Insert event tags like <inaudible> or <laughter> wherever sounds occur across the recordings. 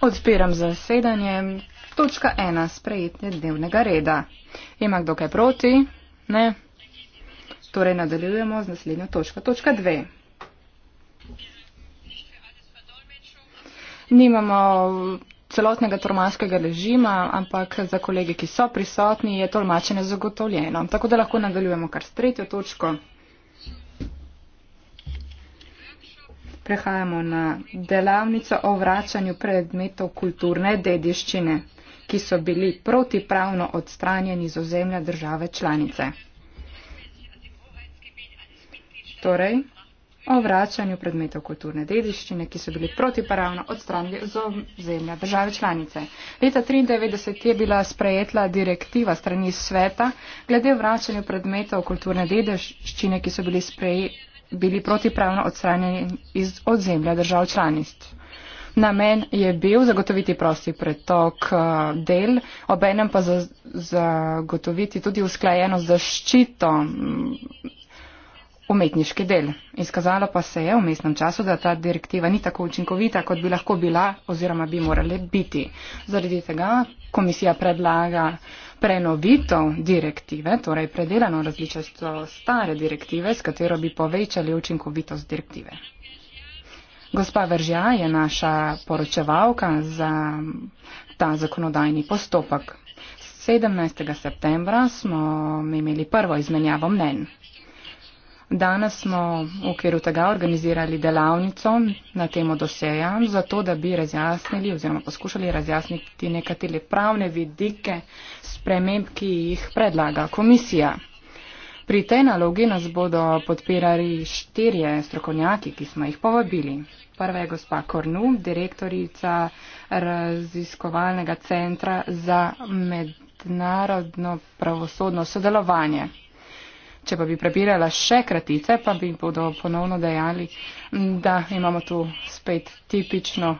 Odpiram zasedanje. Točka ena, sprejetje dnevnega reda. Ima kdo kaj proti? Ne. Torej nadaljujemo z naslednjo točko. Točka dve. Nimamo celotnega tormaškega režima, ampak za kolege, ki so prisotni, je tolmačenje zagotovljeno. Tako da lahko nadaljujemo kar s tretjo točko. Prehajamo na delavnico o vračanju predmetov kulturne dediščine, ki so bili protipravno odstranjeni z ozemlja države članice. Torej, o vračanju predmetov kulturne dediščine, ki so bili protipravno odstranjeni z ozemlja države članice. Leta 1993 je bila sprejetla direktiva strani sveta glede vračanja predmetov kulturne dediščine, ki so bili sprejeti bili protipravno odstranjeni iz odzemlja držav članic. Namen je bil zagotoviti prosti pretok eh, del, obenem pa zagotoviti tudi usklajeno zaščito mm, umetniški del. Izkazalo pa se je v mestnem času, da ta direktiva ni tako učinkovita, kot bi lahko bila oziroma bi morale biti. Zaradi tega komisija predlaga prenovito direktive, torej predelano različico stare direktive, s katero bi povečali učinkovitost direktive. Gospa Veržja je naša poročevalka za ta zakonodajni postopek. 17. septembra smo imeli prvo izmenjavo mnen. Danes smo v okviru tega organizirali delavnico na temo doseja, zato da bi razjasnili oziroma poskušali razjasniti nekatere pravne vidike sprememb, ki jih predlaga komisija. Pri tej nalogi nas bodo podpirali štirje strokovnjaki, ki smo jih povabili. Prva je gospa Kornu, direktorica raziskovalnega centra za mednarodno pravosodno sodelovanje. Če pa bi prebirala še kratice, pa bi bodo ponovno dejali, da imamo tu spet tipično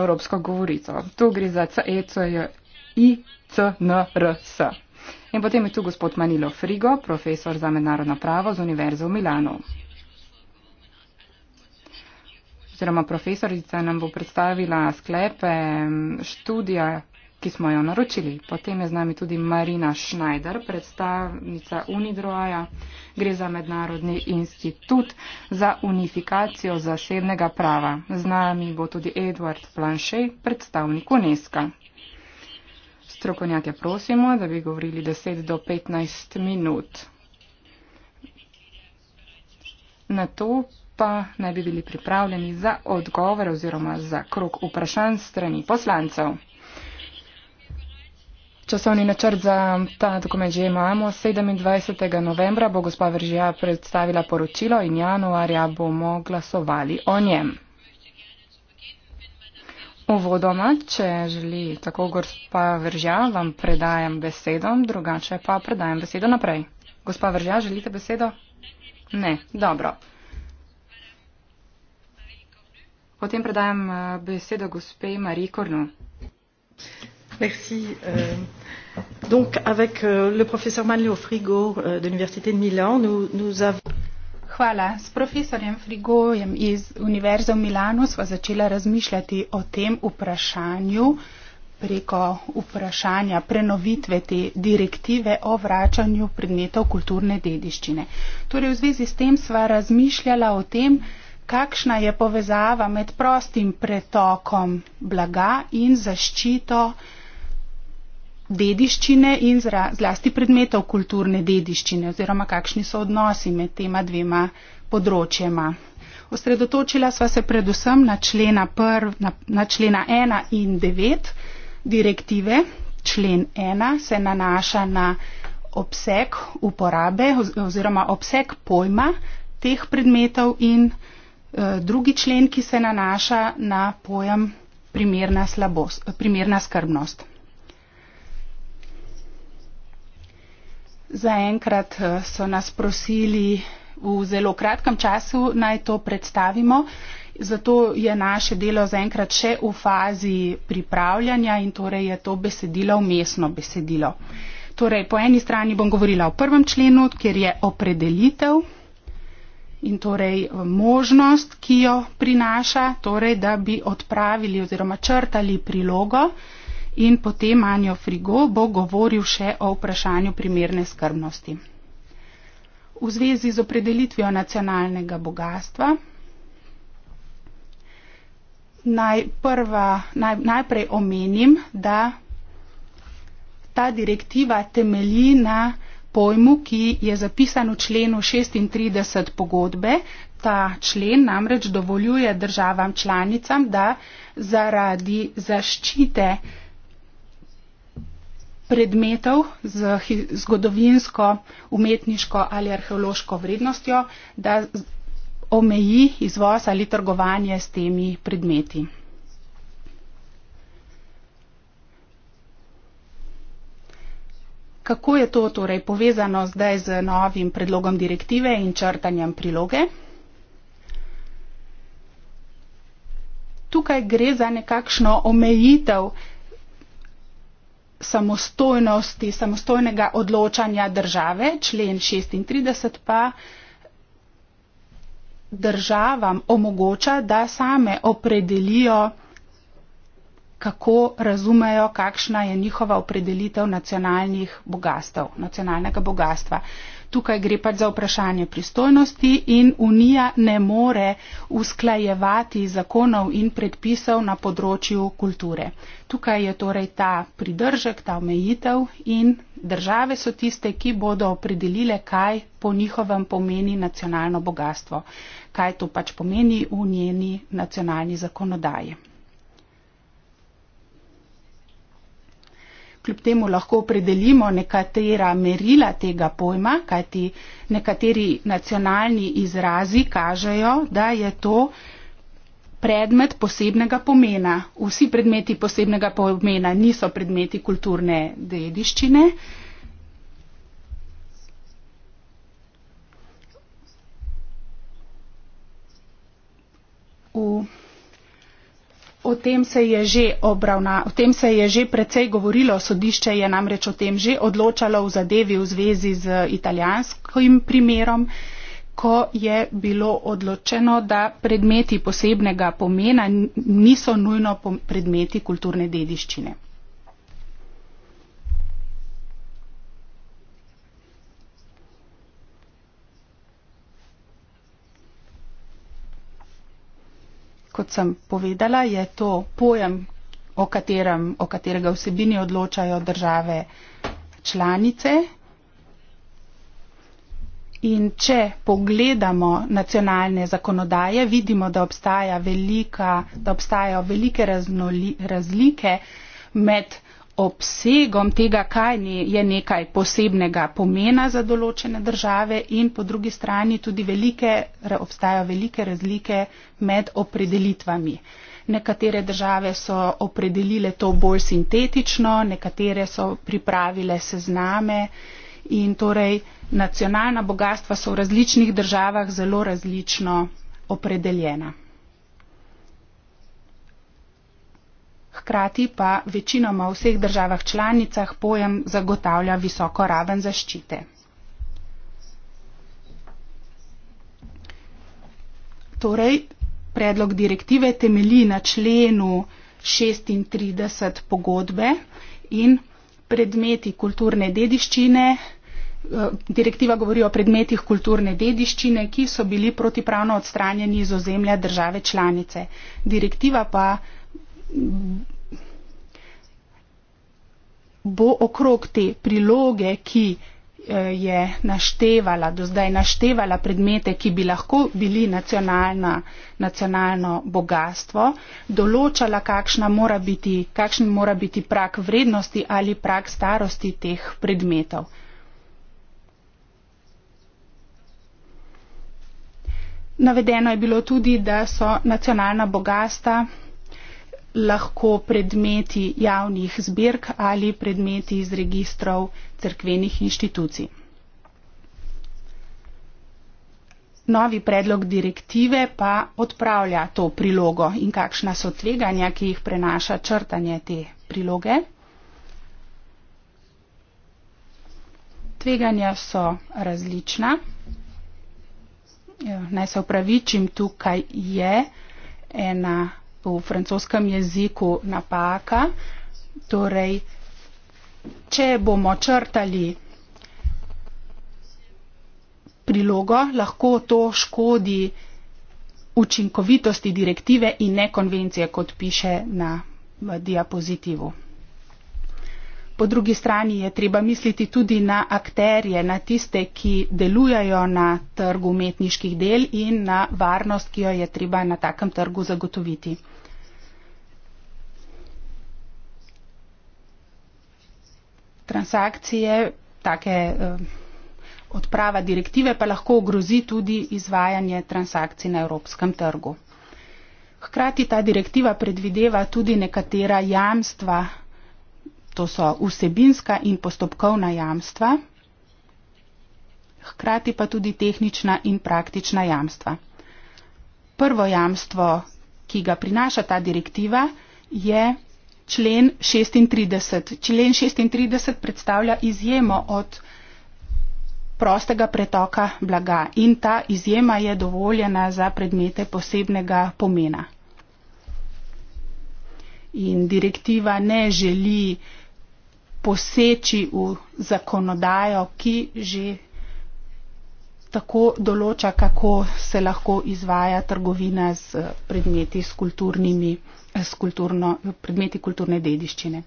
evropsko govorico. Tu gre za CECICNRS. In potem je tu gospod Manilo Frigo, profesor za mednarodno pravo z Univerze v Milano. Oziroma profesorica nam bo predstavila sklepe študija ki smo jo naročili. Potem je z nami tudi Marina Schneider, predstavnica Unidroja. Gre za mednarodni institut za unifikacijo zasebnega prava. Z nami bo tudi Edward Planšej, predstavnik UNESCO. Strokovnjake prosimo, da bi govorili 10 do 15 minut. Na to pa naj bi bili pripravljeni za odgovor oziroma za krok vprašanj strani poslancev. Časovni načrt za ta dokument že imamo. 27. novembra bo gospa Veržija predstavila poročilo in januarja bomo glasovali o njem. Uvodoma, če želi tako gospa Veržija, vam predajam besedo, drugače pa predajam besedo naprej. Gospa Veržija, želite besedo? Ne, dobro. Potem predajam eh, besedo gospe Mariji Kornu. Merci. Euh, donc, avec euh, le professeur Manlio Frigo euh, de l'Université de Milan, nous, nous avons. Hvala. S profesorjem Frigojem iz Univerze v Milano smo začela razmišljati o tem vprašanju preko vprašanja prenovitve te direktive o vračanju predmetov kulturne dediščine. Torej v zvezi s tem sva razmišljala o tem, kakšna je povezava med prostim pretokom blaga in zaščito uh, dediščine in zlasti predmetov kulturne dediščine oziroma kakšni so odnosi med tema dvema področjema. Osredotočila sva se predvsem na člena, prv, na, na člena 1 in 9 direktive. Člen 1 se nanaša na obseg uporabe oziroma obseg pojma teh predmetov in e, drugi člen, ki se nanaša na pojem primerna, slabost, primerna skrbnost. Zaenkrat eh, so nas prosili v zelo kratkem času naj to predstavimo, zato je naše delo zaenkrat še v fazi pripravljanja in torej je to besedilo umestno besedilo. Torej, po eni strani bom govorila o prvem členu, kjer je opredelitev in torej eh, možnost, ki jo prinaša, torej, da bi odpravili oziroma črtali prilogo in potem Anjo Frigo bo govoril še o vprašanju primerne skrbnosti. V zvezi z opredelitvijo nacionalnega bogatstva naj prva, naj, najprej omenim, da ta direktiva temelji na pojmu, ki je zapisan v členu 36 pogodbe. Ta člen namreč dovoljuje državam članicam, da zaradi zaščite predmetov z zgodovinsko, umetniško ali arheološko vrednostjo, da omeji izvoz ali trgovanje s temi predmeti. Kako je to torej povezano zdaj z novim predlogom direktive in črtanjem priloge? Tukaj gre za nekakšno omejitev samostojnosti, samostojnega odločanja države, člen 36 pa državam omogoča, da same opredelijo, kako razumejo, kakšna je njihova opredelitev nacionalnih bogastv, nacionalnega bogastva. Uh, Tukaj gre pač za vprašanje pristojnosti in Unija ne more usklajevati zakonov in predpisov na področju kulture. Tukaj je torej ta pridržek, ta omejitev in države so tiste, ki bodo opredelile, kaj po njihovem pomeni nacionalno bogatstvo, kaj to pač pomeni v njeni nacionalni zakonodaji. kljub temu lahko opredelimo nekatera merila tega pojma, kajti nekateri nacionalni izrazi kažejo, da je to predmet posebnega pomena. Vsi predmeti posebnega pomena niso predmeti kulturne dediščine. V o tem se je že obravna, o tem se je že precej govorilo, sodišče je namreč o tem že odločalo v zadevi v zvezi z italijanskim primerom, ko je bilo odločeno, da predmeti posebnega pomena niso nujno predmeti kulturne dediščine. kot sem povedala, je to pojem, o, katerem, o katerega vsebini odločajo države članice. In če pogledamo nacionalne zakonodaje, vidimo, da, obstaja velika, da obstajajo velike raznoli, razlike med obsegom tega, kaj je nekaj posebnega pomena za določene države in po drugi strani tudi velike, obstajajo velike razlike med opredelitvami. Nekatere države so opredelile to bolj sintetično, nekatere so pripravile sezname in torej nacionalna bogatstva so v različnih državah zelo različno opredeljena. hkrati pa večinoma v vseh državah članicah pojem zagotavlja visoko raven zaščite. Torej, predlog direktive temelji na členu 36 pogodbe in predmeti kulturne dediščine. Eh, direktiva govori o predmetih kulturne dediščine, ki so bili protipravno odstranjeni iz ozemlja države članice. Direktiva pa bo okrog te priloge, ki eh, je naštevala, do zdaj naštevala predmete, ki bi lahko bili nacionalno bogatstvo, določala, kakšna mora biti, kakšen mora biti prak vrednosti ali prak starosti teh predmetov. Navedeno je bilo tudi, da so nacionalna bogatstva lahko predmeti javnih zbirk ali predmeti iz registrov crkvenih inštitucij. Novi predlog direktive pa odpravlja to prilogo in kakšna so tveganja, ki jih prenaša črtanje te priloge. Tveganja so različna. Naj se upravičim, tukaj je ena v francoskem jeziku napaka. Torej, če bomo črtali prilogo, lahko to škodi učinkovitosti direktive in ne konvencije, kot piše na diapozitivu. Po drugi strani je treba misliti tudi na akterje, na tiste, ki delujajo na trgu umetniških del in na varnost, ki jo je treba na takem trgu zagotoviti. transakcije, take eh, odprava direktive pa lahko ogrozi tudi izvajanje transakcij na evropskem trgu. Hkrati ta direktiva predvideva tudi nekatera jamstva, to so vsebinska in postopkovna jamstva, hkrati pa tudi tehnična in praktična jamstva. Prvo jamstvo, ki ga prinaša ta direktiva, je člen 36. Člen 36 predstavlja izjemo od prostega pretoka blaga in ta izjema je dovoljena za predmete posebnega pomena. In direktiva ne želi poseči v zakonodajo, ki že tako določa, kako se lahko izvaja trgovina z predmeti, s kulturnimi predmeti s kulturno, predmeti kulturne dediščine.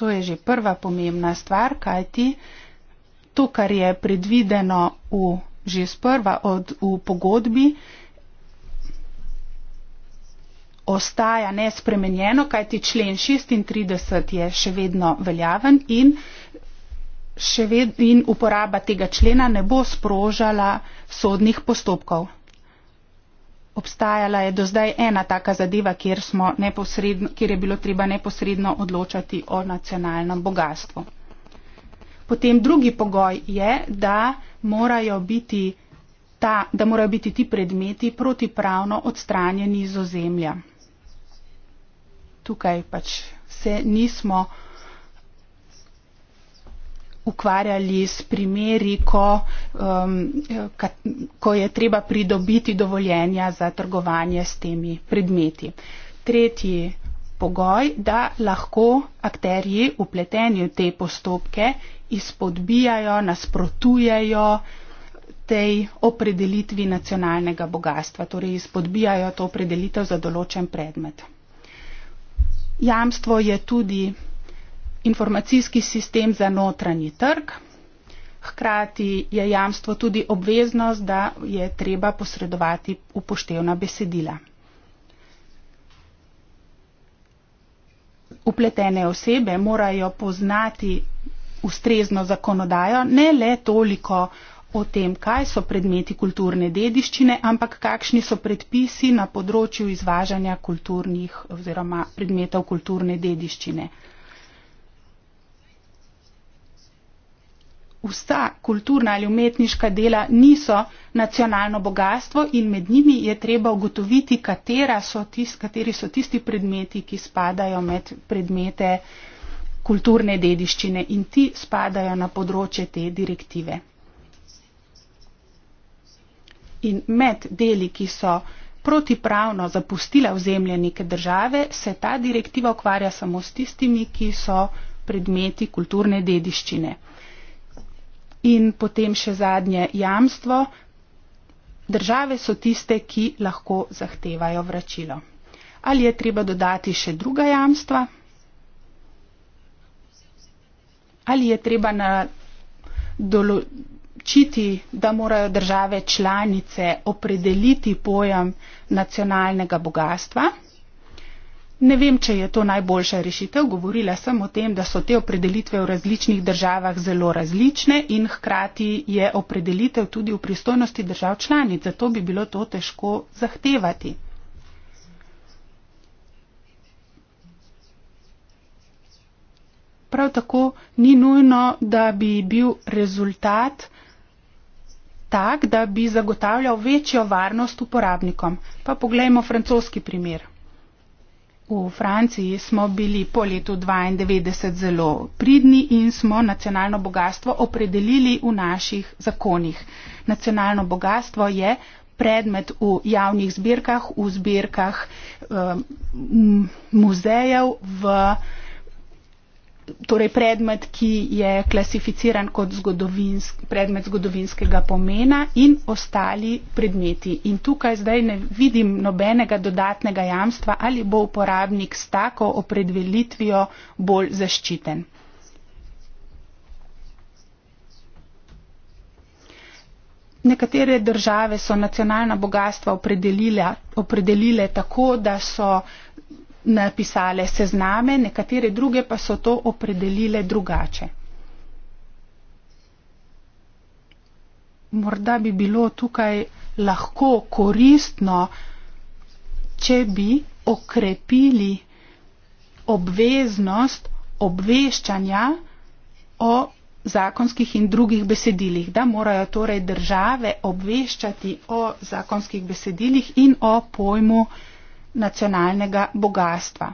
To je že prva pomembna stvar, kajti to, kar je predvideno v, že z prva od, v pogodbi, ostaja nespremenjeno, kajti člen 36 je še vedno veljaven in, še ved, in uporaba tega člena ne bo sprožala sodnih postopkov obstajala je do zdaj ena taka zadeva, kjer, kjer je bilo treba neposredno odločati o nacionalnem bogatstvu. Potem drugi pogoj je, da morajo biti, ta, da morajo biti ti predmeti protipravno odstranjeni iz ozemlja. Tukaj pač se nismo ukvarjali s primeri, ko, um, ko je treba pridobiti dovoljenja za trgovanje s temi predmeti. Tretji pogoj, da lahko akterji upleteni v te postopke izpodbijajo, nasprotujejo tej opredelitvi nacionalnega bogatstva, torej izpodbijajo to opredelitev za določen predmet. Jamstvo je tudi informacijski sistem za notranji trg. Hkrati je jamstvo tudi obveznost, da je treba posredovati upoštevna besedila. Upletene osebe morajo poznati ustrezno zakonodajo, ne le toliko o tem, kaj so predmeti kulturne dediščine, ampak kakšni so predpisi na področju izvažanja kulturnih oziroma predmetov kulturne dediščine. vsa kulturna ali umetniška dela niso nacionalno bogatstvo in med njimi je treba ugotoviti, so tist, kateri so tisti predmeti, ki spadajo med predmete kulturne dediščine in ti spadajo na področje te direktive. In med deli, ki so protipravno zapustila ozemlje neke države, se ta direktiva ukvarja samo s tistimi, ki so predmeti kulturne dediščine. In potem še zadnje jamstvo. Države so tiste, ki lahko zahtevajo vračilo. Ali je treba dodati še druga jamstva? Ali je treba določiti, da morajo države članice opredeliti pojem nacionalnega bogatstva? Ne vem, če je to najboljša rešitev. Govorila sem o tem, da so te opredelitve v različnih državah zelo različne in hkrati je opredelitev tudi v pristojnosti držav članic. Zato bi bilo to težko zahtevati. Prav tako ni nujno, da bi bil rezultat tak, da bi zagotavljal večjo varnost uporabnikom. Pa poglejmo francoski primer. V Franciji smo bili po letu 1992 zelo pridni in smo nacionalno bogatstvo opredelili v naših zakonih. Nacionalno bogatstvo je predmet v javnih zbirkah, v zbirkah um, muzejev, v torej predmet, ki je klasificiran kot zgodovinsk, predmet zgodovinskega pomena in ostali predmeti. In tukaj zdaj ne vidim nobenega dodatnega jamstva, ali bo uporabnik s tako opredelitvijo bolj zaščiten. Nekatere države so nacionalna bogatstva opredelile, opredelile tako, da so napisale sezname, nekatere druge pa so to opredelile drugače. Morda bi bilo tukaj lahko koristno, če bi okrepili obveznost obveščanja o zakonskih in drugih besedilih, da morajo torej države obveščati o zakonskih besedilih in o pojmu nacionalnega bogastva.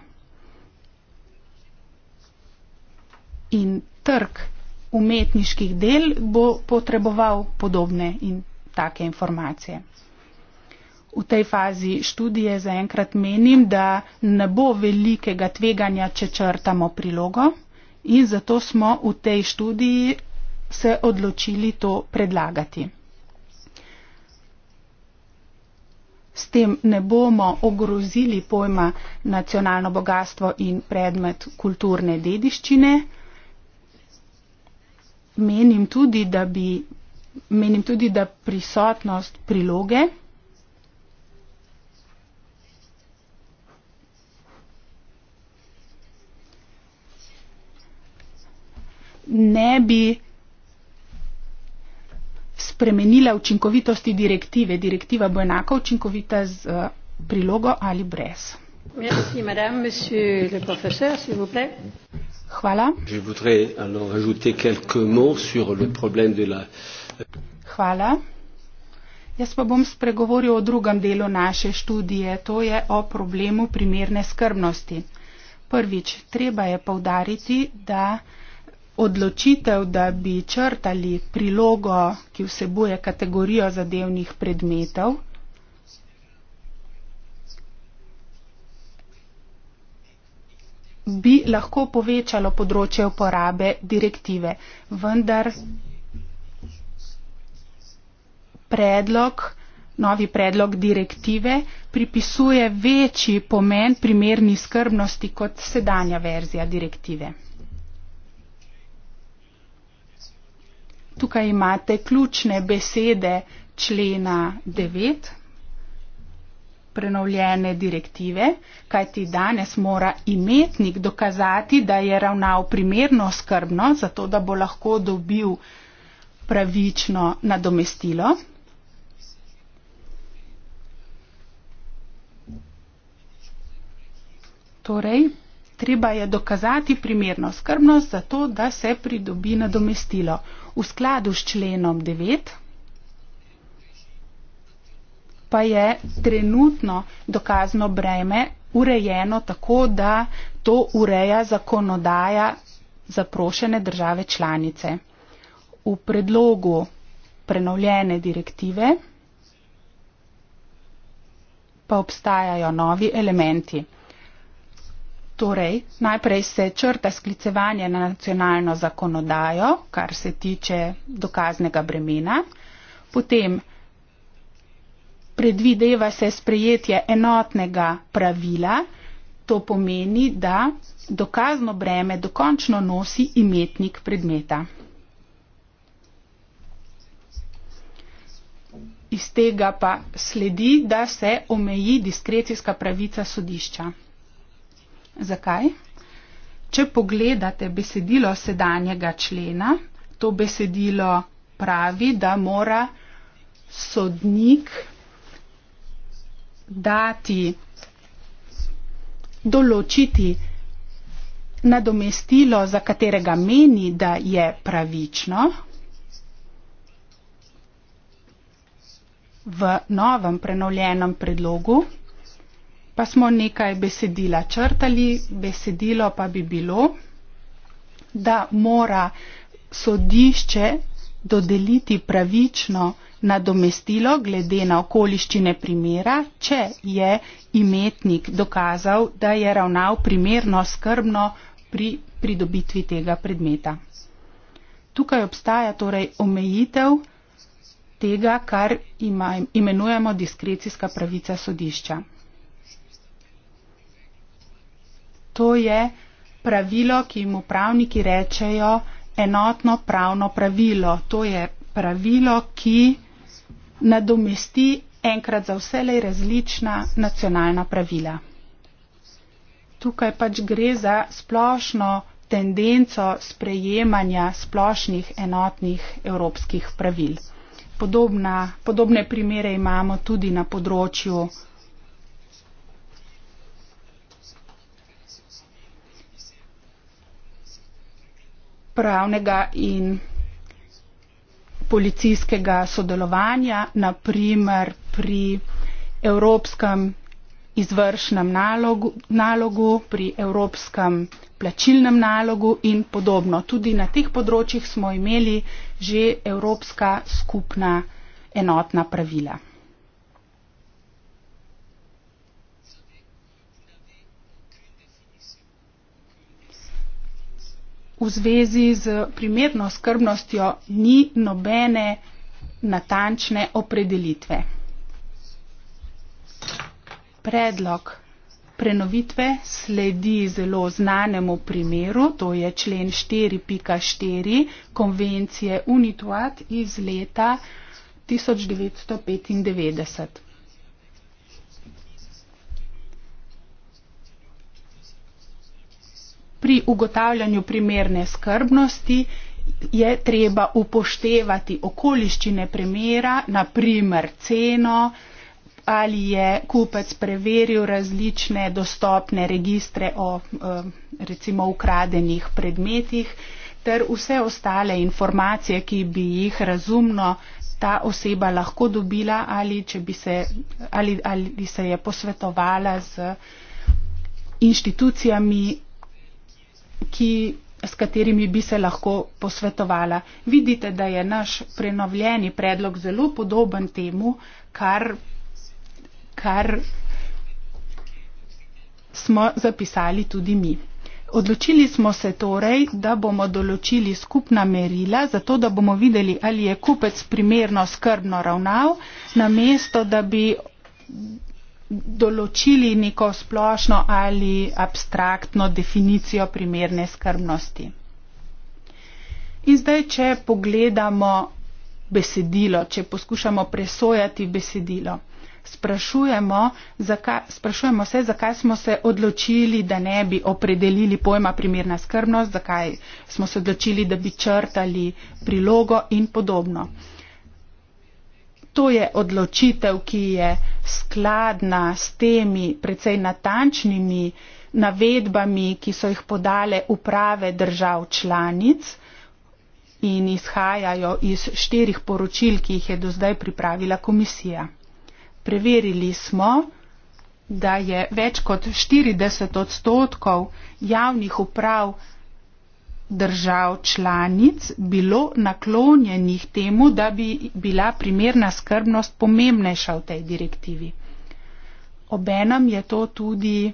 In trg umetniških del bo potreboval podobne in take informacije. V tej fazi študije zaenkrat menim, da ne bo velikega tveganja, če črtamo prilogo in zato smo v tej študiji se odločili to predlagati. S tem ne bomo ogrozili pojma nacionalno bogatstvo in predmet kulturne dediščine. Menim tudi, da, bi, menim tudi, da prisotnost priloge ne bi spremenila učinkovitosti direktive. Direktiva bo enako učinkovita z uh, prilogo ali brez. Merci, madame, Hvala. Je voudrais alors ajouter quelques mots sur le problème de la... Hvala. Jaz pa bom spregovoril o drugem delu naše študije, to je o problemu primerne skrbnosti. Prvič, treba je povdariti, da odločitev, da bi črtali prilogo, ki vsebuje kategorijo zadevnih predmetov, bi lahko povečalo področje uporabe direktive. Vendar predlog, novi predlog direktive pripisuje večji pomen primerni skrbnosti kot sedanja verzija direktive. Tukaj imate ključne besede člena 9 prenovljene direktive, kajti danes mora imetnik dokazati, da je ravnal primerno skrbno, zato da bo lahko dobil pravično nadomestilo. Torej, treba je dokazati primerno skrbnost, zato da se pridobi nadomestilo. V skladu s členom 9 pa je trenutno dokazno breme urejeno tako, da to ureja zakonodaja zaprošene države članice. V predlogu prenovljene direktive pa obstajajo novi elementi. Torej, najprej se črta sklicevanje na nacionalno zakonodajo, kar se tiče dokaznega bremena, potem predvideva se sprejetje enotnega pravila, to pomeni, da dokazno breme dokončno nosi imetnik predmeta. Iz tega pa sledi, da se omeji diskrecijska pravica sodišča. Zakaj? Če pogledate besedilo sedanjega člena, to besedilo pravi, da mora sodnik dati, določiti nadomestilo, za katerega meni, da je pravično. V novem prenovljenem predlogu pa smo nekaj besedila črtali, besedilo pa bi bilo, da mora sodišče dodeliti pravično nadomestilo glede na okoliščine primera, če je imetnik dokazal, da je ravnal primerno skrbno pri pridobitvi tega predmeta. Tukaj obstaja torej omejitev tega, kar ima, imenujemo diskrecijska pravica sodišča. to je pravilo, ki mu pravniki rečejo enotno pravno pravilo. To je pravilo, ki nadomesti enkrat za vselej različna nacionalna pravila. Tukaj pač gre za splošno tendenco sprejemanja splošnih enotnih evropskih pravil. Podobna, podobne primere imamo tudi na področju pravnega in policijskega sodelovanja, naprimer pri evropskem izvršnem nalogu, nalogu, pri evropskem plačilnem nalogu in podobno. Tudi na teh področjih smo imeli že evropska skupna enotna pravila. v zvezi z primerno skrbnostjo ni nobene natančne opredelitve. Predlog prenovitve sledi zelo znanemu primeru, to je člen 4.4 konvencije UNITUAT iz leta 1995. pri ugotavljanju primerne skrbnosti je treba upoštevati okoliščine primera, naprimer ceno, ali je kupec preveril različne dostopne registre o eh, recimo ukradenih predmetih ter vse ostale informacije, ki bi jih razumno ta oseba lahko dobila ali, se, ali, ali se je posvetovala z inštitucijami ki, s katerimi bi se lahko posvetovala. Vidite, da je naš prenovljeni predlog zelo podoben temu, kar, kar smo zapisali tudi mi. Odločili smo se torej, da bomo določili skupna merila, zato da bomo videli, ali je kupec primerno skrbno ravnal, namesto da bi določili neko splošno ali abstraktno definicijo primerne skrbnosti. In zdaj, če pogledamo besedilo, če poskušamo presojati besedilo, sprašujemo, zakaj, sprašujemo se, zakaj smo se odločili, da ne bi opredelili pojma primerna skrbnost, zakaj smo se odločili, da bi črtali prilogo in podobno. Uh, to je odločitev, ki je skladna s temi precej natančnimi navedbami, ki so jih podale uprave držav članic in izhajajo iz štirih poročil, ki jih je do zdaj pripravila komisija. Preverili smo, da je več kot 40 odstotkov javnih uprav držav članic bilo naklonjenih temu, da bi bila primerna skrbnost pomembnejša v tej direktivi. Obenem je to tudi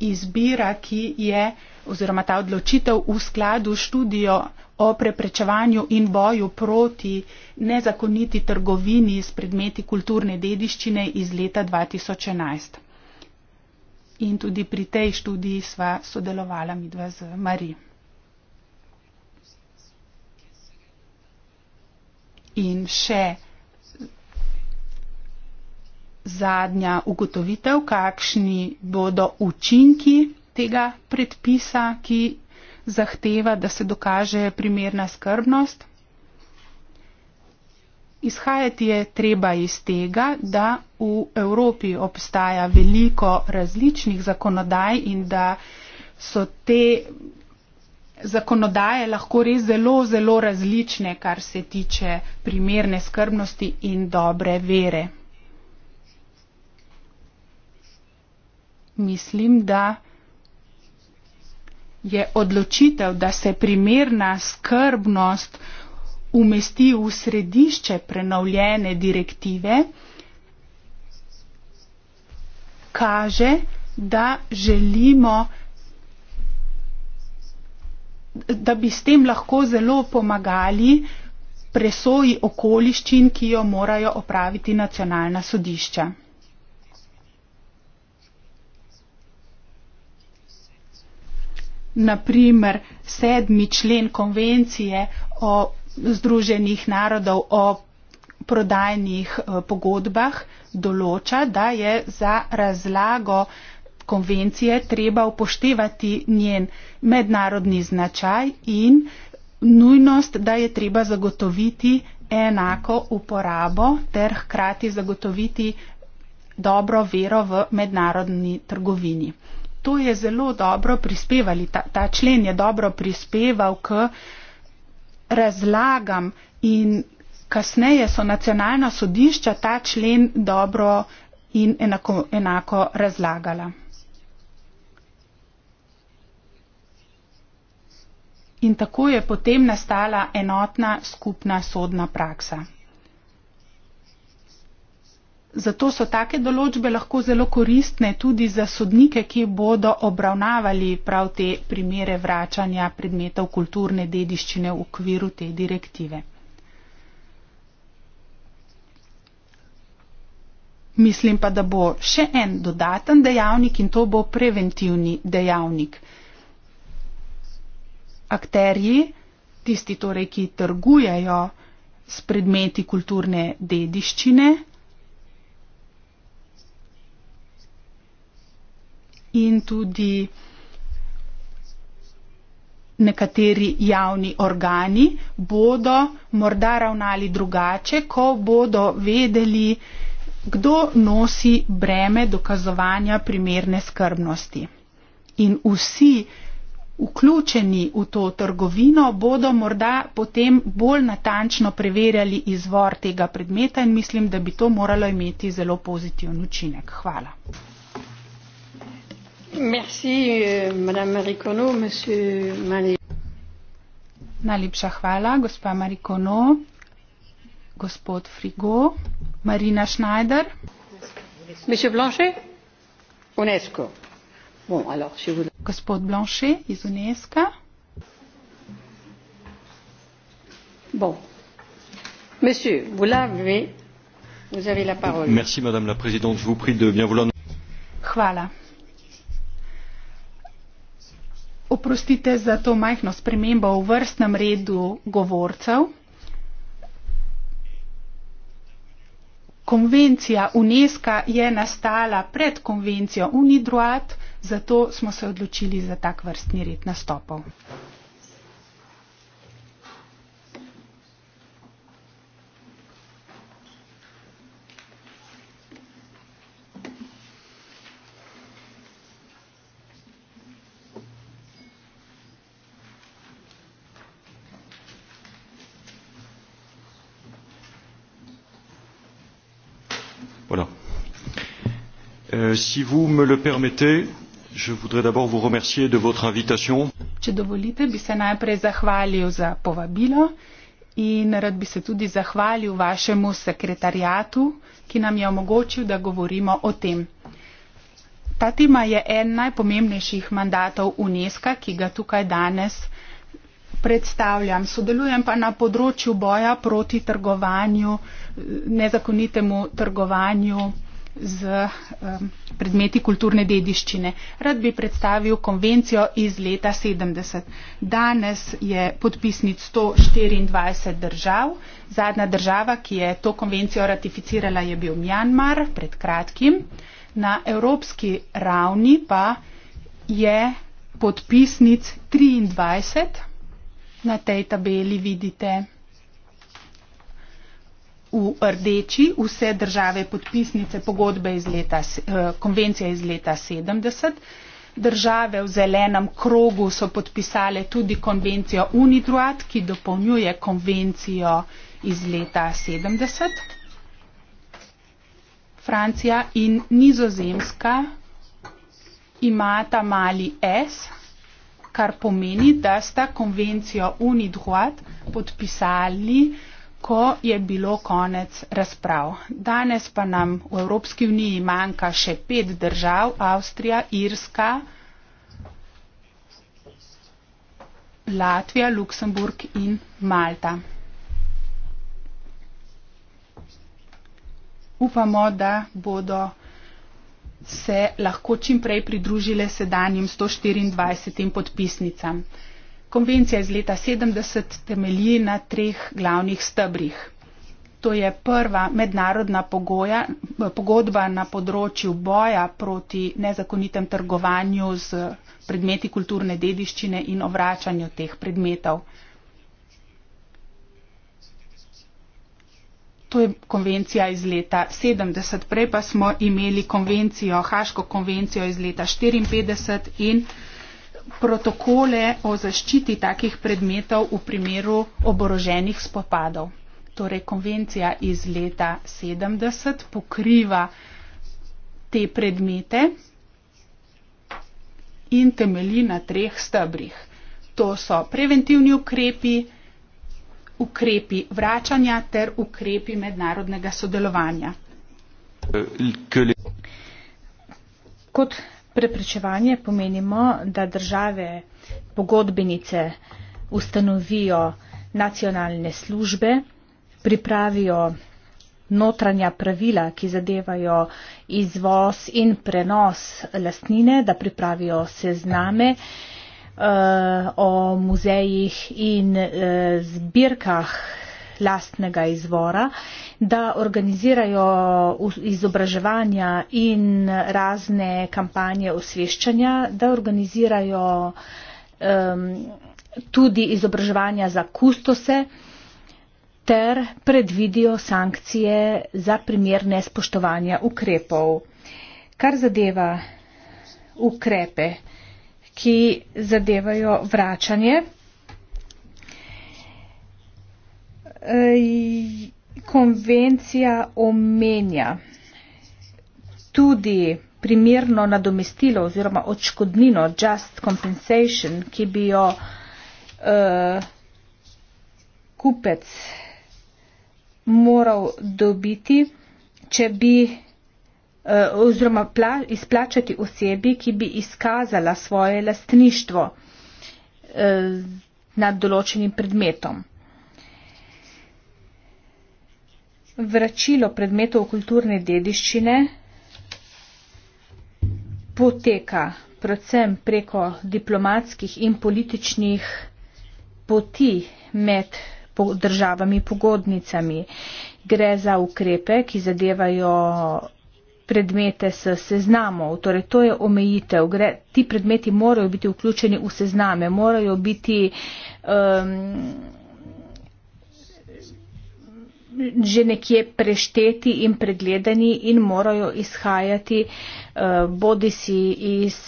izbira, ki je oziroma ta odločitev v skladu študijo o preprečevanju in boju proti nezakoniti trgovini s predmeti kulturne dediščine iz leta 2011. In tudi pri tej študiji sva sodelovala midva z Mari. In še zadnja ugotovitev, kakšni bodo učinki tega predpisa, ki zahteva, da se dokaže primerna skrbnost. Izhajati je treba iz tega, da v Evropi obstaja veliko različnih zakonodaj in da so te zakonodaje lahko res zelo, zelo različne, kar se tiče primerne skrbnosti in dobre vere. Mislim, da je odločitev, da se primerna skrbnost umesti v središče prenovljene direktive, kaže, da želimo da bi s tem lahko zelo pomagali presoji okoliščin, ki jo morajo opraviti nacionalna sodišča. Naprimer, sedmi člen konvencije o Združenih narodov o prodajnih eh, pogodbah določa, da je za razlago konvencije treba upoštevati njen mednarodni značaj in nujnost, da je treba zagotoviti enako uporabo ter hkrati zagotoviti dobro vero v mednarodni trgovini. To je zelo dobro prispevali, ta, ta člen je dobro prispeval k razlagam in kasneje so nacionalna sodišča ta člen dobro in enako, enako razlagala. in tako je potem nastala enotna skupna sodna praksa. Zato so take določbe lahko zelo koristne tudi za sodnike, ki bodo obravnavali prav te primere vračanja predmetov kulturne dediščine v okviru te direktive. Mislim pa, da bo še en dodaten dejavnik in to bo preventivni dejavnik akterji, tisti torej, ki trgujejo s predmeti kulturne dediščine. In tudi nekateri javni organi bodo morda ravnali drugače, ko bodo vedeli, kdo nosi breme dokazovanja primerne skrbnosti. In vsi vključeni v to trgovino, bodo morda potem bolj natančno preverjali izvor tega predmeta in mislim, da bi to moralo imeti zelo pozitiven učinek. Hvala. Merci, euh, Maricono, Najlepša hvala, gospa Marikono, gospod Frigo, Marina Schneider. Monsieur Blanchet, UNESCO. Bon, alors, je vous... Gospod Blanche iz UNESCO. Bon. Monsieur, vous l'avez, vous avez la parole. Merci, Madame la Présidente. Je vous prie de bien vouloir. Hvala. Oprostite za to majhno spremembo v vrstnem redu govorcev. Konvencija UNESCO je nastala pred konvencijo UNIDROAT, Zato smo se odločili za tak vrstni red nastopov. Eh, si vous me le permettez, Če dovolite, bi se najprej zahvalil za povabilo in rad bi se tudi zahvalil vašemu sekretarjatu, ki nam je omogočil, da govorimo o tem. Ta tema je en najpomembnejših mandatov UNESCO, ki ga tukaj danes predstavljam. Sodelujem pa na področju boja proti trgovanju, nezakonitemu trgovanju z um, predmeti kulturne dediščine. Rad bi predstavil konvencijo iz leta 70. Danes je podpisnic 124 držav. Zadnja država, ki je to konvencijo ratificirala, je bil Mjanmar pred kratkim. Na evropski ravni pa je podpisnic 23. Na tej tabeli vidite v rdeči vse države podpisnice pogodbe iz leta, eh, konvencije iz leta 70. Države v zelenem krogu so podpisale tudi konvencijo Unidruat, ki dopolnjuje konvencijo iz leta 70. Francija in Nizozemska imata mali S, kar pomeni, da sta konvencijo Unidruat podpisali ko je bilo konec razprav. Danes pa nam v Evropski uniji manjka še pet držav, Avstrija, Irska, Latvija, Luksemburg in Malta. Upamo, da bodo se lahko čimprej pridružile sedanjim 124 podpisnicam. Konvencija iz leta 70 temelji na treh glavnih stebrih. To je prva mednarodna pogoja, pogodba na področju boja proti nezakonitem trgovanju z predmeti kulturne dediščine in ovračanju teh predmetov. To je konvencija iz leta 70, prej pa smo imeli konvencijo, Haško konvencijo iz leta 54 in protokole o zaščiti takih predmetov v primeru oboroženih spopadov. Torej, konvencija iz leta 70 pokriva te predmete in temelji na treh stebrih. To so preventivni ukrepi, ukrepi vračanja ter ukrepi mednarodnega sodelovanja. Kot Preprečevanje pomenimo, da države pogodbenice ustanovijo nacionalne službe, pripravijo notranja pravila, ki zadevajo izvoz in prenos lastnine, da pripravijo sezname uh, o muzejih in uh, zbirkah lastnega izvora, da organizirajo izobraževanja in razne kampanje osveščanja, da organizirajo um, tudi izobraževanja za kustose ter predvidijo sankcije za primer nespoštovanja ukrepov. Kar zadeva ukrepe, ki zadevajo vračanje, konvencija omenja tudi primirno nadomestilo oziroma odškodnino, just compensation, ki bi jo uh, kupec moral dobiti, če bi uh, oziroma pla, izplačati osebi, ki bi izkazala svoje lastništvo uh, nad določenim predmetom. vračilo predmetov kulturne dediščine poteka predvsem preko diplomatskih in političnih poti med državami pogodnicami. Gre za ukrepe, ki zadevajo predmete s seznamov, torej to je omejitev. Gre, ti predmeti morajo biti vključeni v sezname, morajo biti um, že nekje prešteti in pregledani in morajo izhajati eh, bodi si iz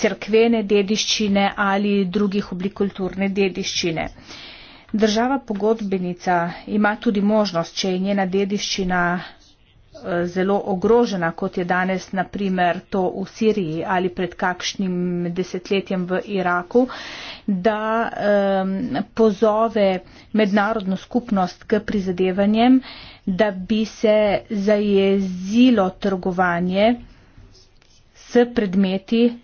crkvene dediščine ali drugih oblik kulturne dediščine. Država pogodbenica ima tudi možnost, če je njena dediščina eh, zelo ogrožena, kot je danes naprimer to v Siriji ali pred kakšnim desetletjem v Iraku, da um, pozove mednarodno skupnost k prizadevanjem, da bi se zajezilo trgovanje s predmeti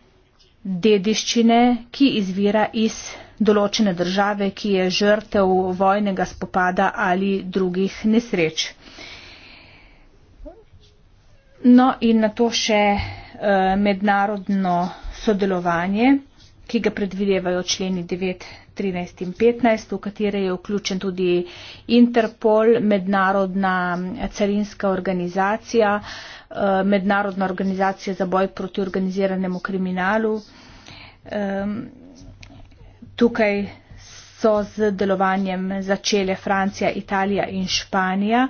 dediščine, ki izvira iz določene države, ki je žrtev vojnega spopada ali drugih nesreč. No in na to še uh, mednarodno sodelovanje ki ga predvidevajo členi 9, 13 in 15, v katere je vključen tudi Interpol, mednarodna carinska organizacija, eh, mednarodna organizacija za boj proti organiziranemu kriminalu. Tukaj so z delovanjem začele Francija, Italija in Španija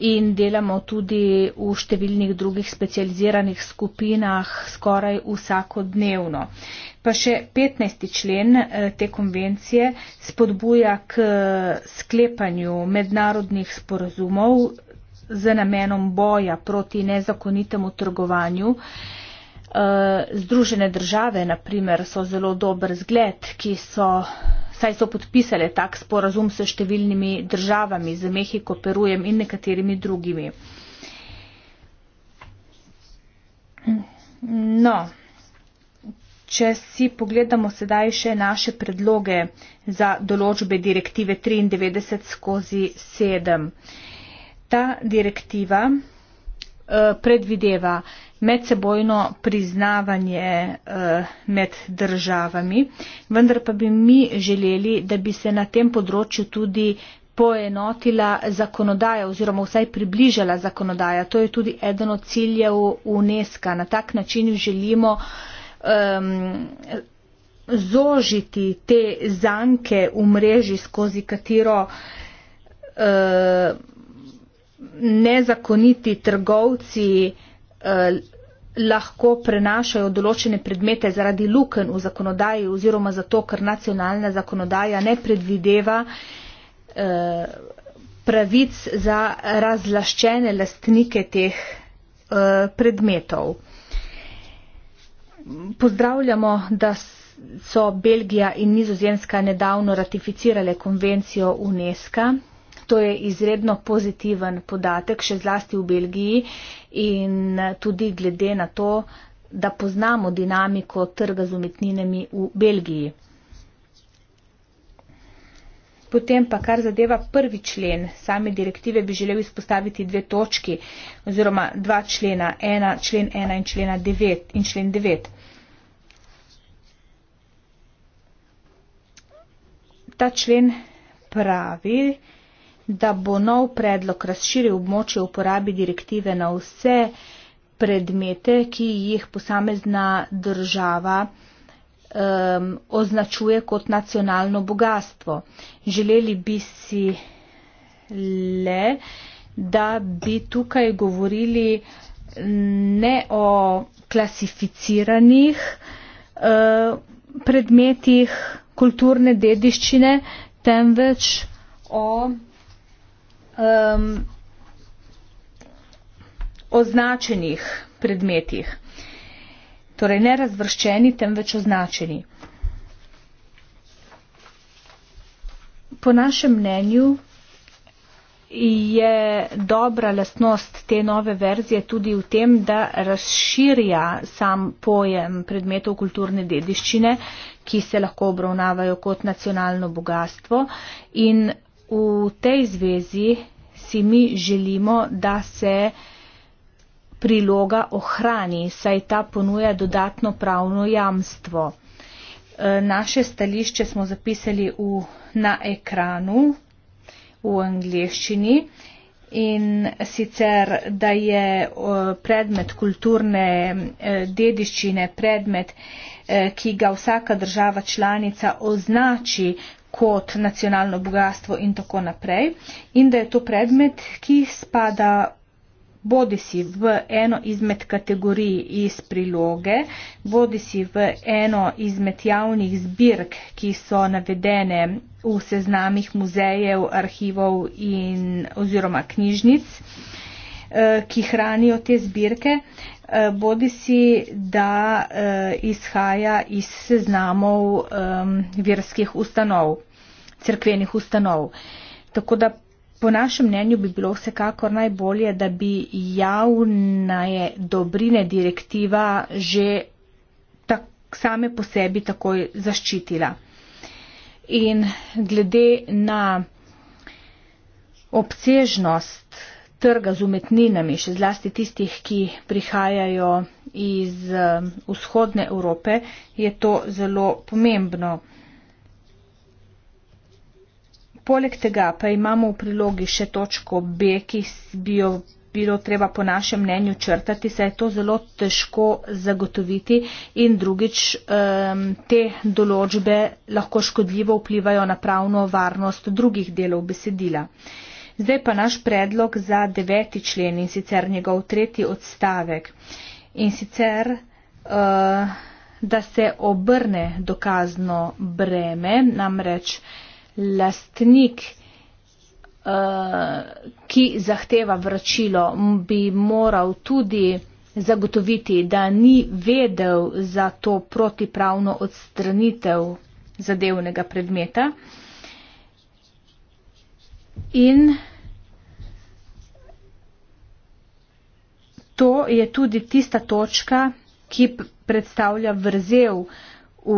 in delamo tudi v številnih drugih specializiranih skupinah skoraj vsakodnevno. Pa še 15. člen eh, te konvencije spodbuja k sklepanju mednarodnih sporozumov z namenom boja proti nezakonitemu trgovanju. Eh, Združene države, naprimer, so zelo dober zgled, ki so saj so podpisale tak sporazum s številnimi državami, z Mehiko, Perujem in nekaterimi drugimi. No, če si pogledamo sedaj še naše predloge za določbe direktive 93 skozi 7. Ta direktiva eh, predvideva medsebojno priznavanje eh, med državami, vendar pa bi mi želeli, da bi se na tem področju tudi poenotila zakonodaja oziroma vsaj približala zakonodaja. To je tudi eden od ciljev UNESCO. Na tak način želimo um, zožiti te zanke v mreži, skozi katero uh, nezakoniti trgovci uh, Eh, lahko prenašajo določene predmete zaradi luken v zakonodaji oziroma zato, ker nacionalna zakonodaja ne predvideva eh, pravic za razlaščene lastnike teh eh, predmetov. Pozdravljamo, da so Belgija in Nizozemska nedavno ratificirale konvencijo UNESCO to je izredno pozitiven podatek, še zlasti v Belgiji in tudi glede na to, da poznamo dinamiko trga z umetninami v Belgiji. Potem pa, kar zadeva prvi člen same direktive, bi želel izpostaviti dve točki oziroma dva člena, ena, člen 1 in, člena 9, in člen 9. Ta člen pravi, da bo nov predlog razširil območje uporabi direktive na vse predmete, ki jih posamezna država um, označuje kot nacionalno bogatstvo. Želeli bi si le, da bi tukaj govorili ne o klasificiranih uh, predmetih kulturne dediščine, temveč o um, označenih predmetih. Torej, ne razvrščeni, temveč označeni. Po našem mnenju je dobra lastnost te nove verzije tudi v tem, da razširja sam pojem predmetov kulturne dediščine, ki se lahko obravnavajo kot nacionalno bogatstvo in v tej zvezi si mi želimo, da se priloga ohrani, saj ta ponuja dodatno pravno jamstvo. E, naše stališče smo zapisali v, na ekranu v angleščini in sicer, da je predmet kulturne e, dediščine predmet, e, ki ga vsaka država članica označi kot nacionalno bogatstvo in tako naprej. In da je to predmet, ki spada bodi si v eno izmed kategorij iz priloge, bodi si v eno izmed javnih zbirk, ki so navedene v seznamih muzejev, arhivov in oziroma knjižnic, eh, ki hranijo te zbirke, Eh, bodi si da eh, izhaja iz seznamov verskih ustanov, crkvenih ustanov. Tako da po našem mnenju bi bilo vsekakor najbolje, da bi javna je dobrine direktiva že tak, same po sebi takoj zaščitila. In glede na obsežnost trga z umetninami, še zlasti tistih, ki prihajajo iz eh, vzhodne Evrope, je to zelo pomembno. Poleg tega pa imamo v prilogi še točko B, ki bi jo bilo treba po našem mnenju črtati, saj je to zelo težko zagotoviti in drugič te določbe lahko škodljivo vplivajo na pravno varnost drugih delov besedila. Zdaj pa naš predlog za deveti člen in sicer njegov tretji odstavek. In sicer, eh, da se obrne dokazno breme, namreč lastnik, eh, ki zahteva vračilo, bi moral tudi zagotoviti, da ni vedel za to protipravno odstranitev zadevnega predmeta. In to je tudi tista točka, ki predstavlja vrzel v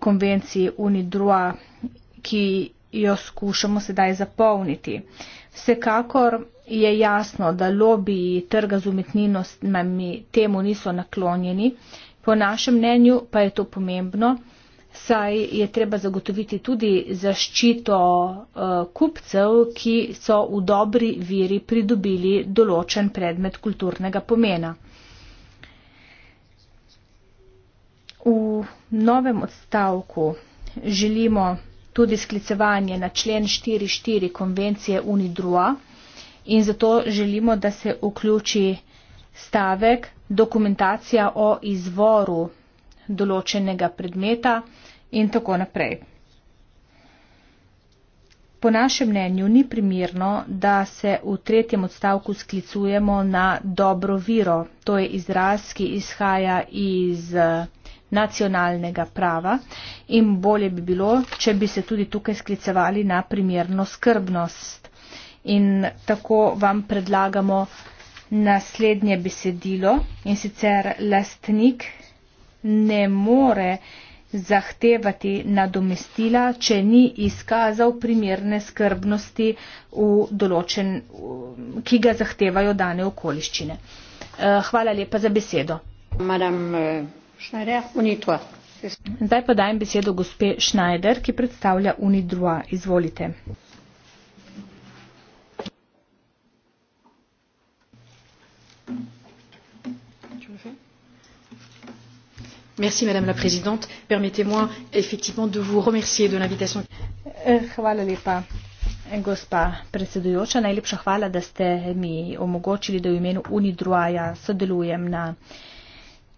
konvenciji UNIDROA, ki jo skušamo sedaj zapolniti. Vsekakor je jasno, da lobiji trga z umetninostmi temu niso naklonjeni, po našem mnenju pa je to pomembno saj je treba zagotoviti tudi zaščito eh, kupcev, ki so v dobri veri pridobili določen predmet kulturnega pomena. V novem odstavku želimo tudi sklicevanje na člen 4.4 konvencije UNIDROA in zato želimo, da se vključi stavek dokumentacija o izvoru določenega predmeta, in tako naprej. Po našem mnenju ni primirno, da se v tretjem odstavku sklicujemo na dobro viro, to je izraz, ki izhaja iz eh, nacionalnega prava in bolje bi bilo, če bi se tudi tukaj sklicevali na primerno skrbnost. In tako vam predlagamo naslednje besedilo in sicer lastnik ne more zahtevati nadomestila, če ni izkazal primerne skrbnosti, določen, ki ga zahtevajo dane okoliščine. Eh, hvala lepa za besedo. Eh, Zdaj pa dajem besedo gospe Schneider, ki predstavlja Unidrua. Izvolite. madame la présidente permettez moi effectivement de vous remercier de l'invitation eh, Gospa predsedujoča, najlepša hvala, da ste mi omogočili, da v imenu Unidruaja sodelujem na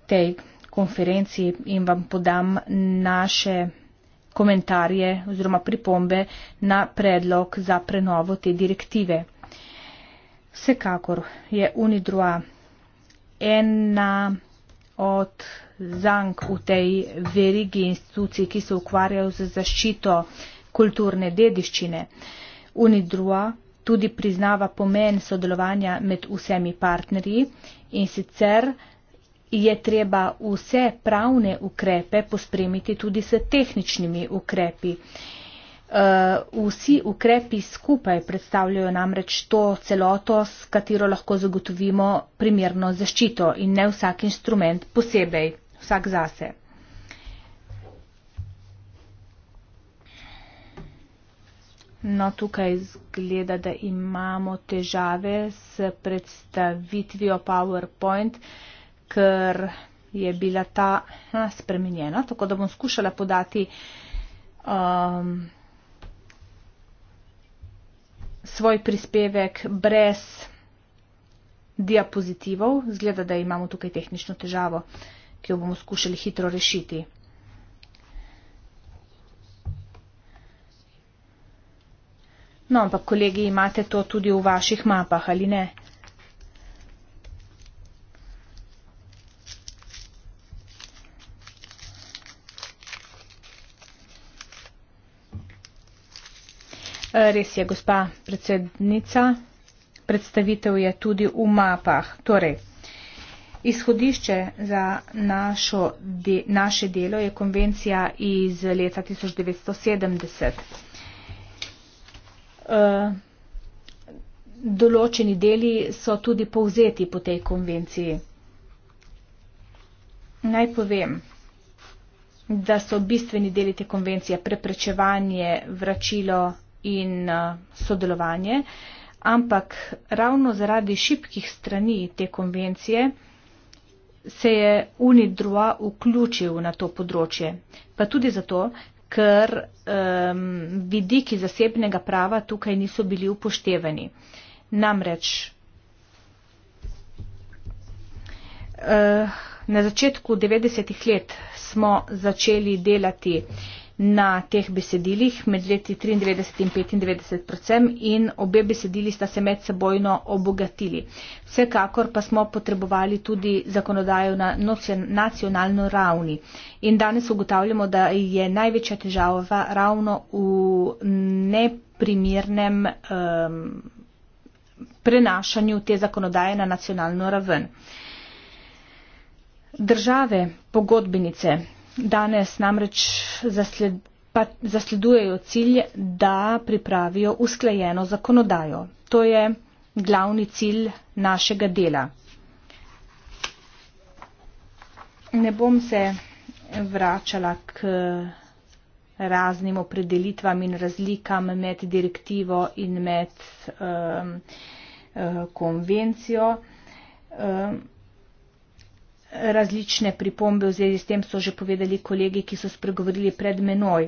tej konferenci in vam podam naše komentarje oziroma pripombe na predlog za prenovo te direktive. Vsekakor je Unidrua ena od zank v tej verigi instituciji, ki se ukvarjajo z zaščito kulturne dediščine. Unidrua tudi priznava pomen sodelovanja med vsemi partnerji in sicer je treba vse pravne ukrepe pospremiti tudi s tehničnimi ukrepi. Uh, Eh, vsi ukrepi skupaj predstavljajo namreč to celoto, s katero lahko zagotovimo primerno zaščito in ne vsak instrument posebej, vsak zase. No, tukaj zgleda, da imamo težave s predstavitvijo PowerPoint, ker je bila ta na, spremenjena, tako da bom skušala podati. Um, svoj prispevek brez diapozitivov. Zgleda, da imamo tukaj tehnično težavo, ki jo bomo skušali hitro rešiti. No, ampak kolegi, imate to tudi v vaših mapah, ali ne? Res je, gospa predsednica, predstavitev je tudi v mapah. Torej, izhodišče za našo, de, naše delo je konvencija iz leta 1970. E, eh, določeni deli so tudi povzeti po tej konvenciji. Naj povem da so bistveni deli te konvencije preprečevanje, vračilo in uh, sodelovanje, ampak ravno zaradi šibkih strani te konvencije se je UNIDROA vključil na to področje. Pa tudi zato, ker um, vidiki zasebnega prava tukaj niso bili upoštevani. Namreč uh, na začetku 90-ih let smo začeli delati uh, na teh besedilih med leti 93 in 95 predvsem in obe besedili sta se med sebojno obogatili. Vsekakor pa smo potrebovali tudi zakonodajo na nacionalno ravni in danes ugotavljamo, da je največja težava ravno v neprimernem um, prenašanju te zakonodaje na nacionalno raven. Države, pogodbenice, danes namreč zasled, pa, zasledujejo cilj, da pripravijo usklajeno zakonodajo. To je glavni cilj našega dela. Ne bom se vračala k raznim opredelitvam in razlikam med direktivo in med um, uh, konvencijo. Um, različne pripombe v zvezi s tem so že povedali kolegi, ki so spregovorili pred menoj.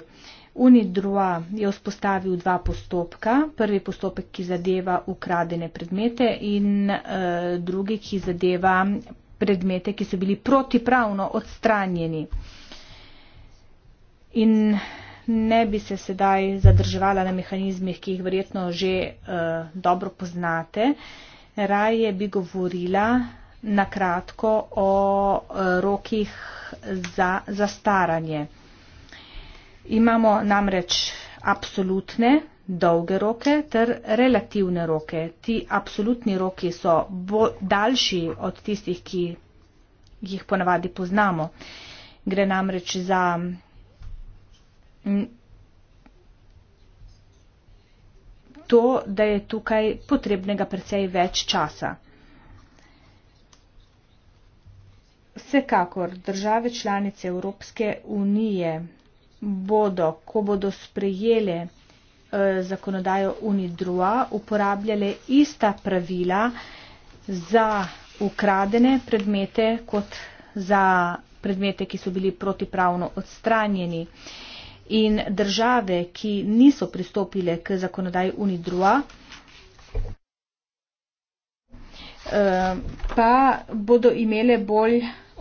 Unidroa je vzpostavil dva postopka. Prvi postopek, ki zadeva ukradene predmete in eh, drugi, ki zadeva predmete, ki so bili protipravno odstranjeni. In ne bi se sedaj zadrževala na mehanizmih, ki jih verjetno že eh, dobro poznate. Raje bi govorila na kratko o e, rokih za zastaranje. Imamo namreč absolutne, dolge roke ter relativne roke. Ti absolutni roki so daljši od tistih, ki jih ponavadi poznamo. Gre namreč za to, da je tukaj potrebnega precej več časa. Vsekakor države članice Evropske unije bodo, ko bodo sprejele eh, zakonodajo Unidrua, uporabljale ista pravila za ukradene predmete kot za predmete, ki so bili protipravno odstranjeni. In države, ki niso pristopile k zakonodaji Unidrua, eh, Eh, pa bodo imele bolj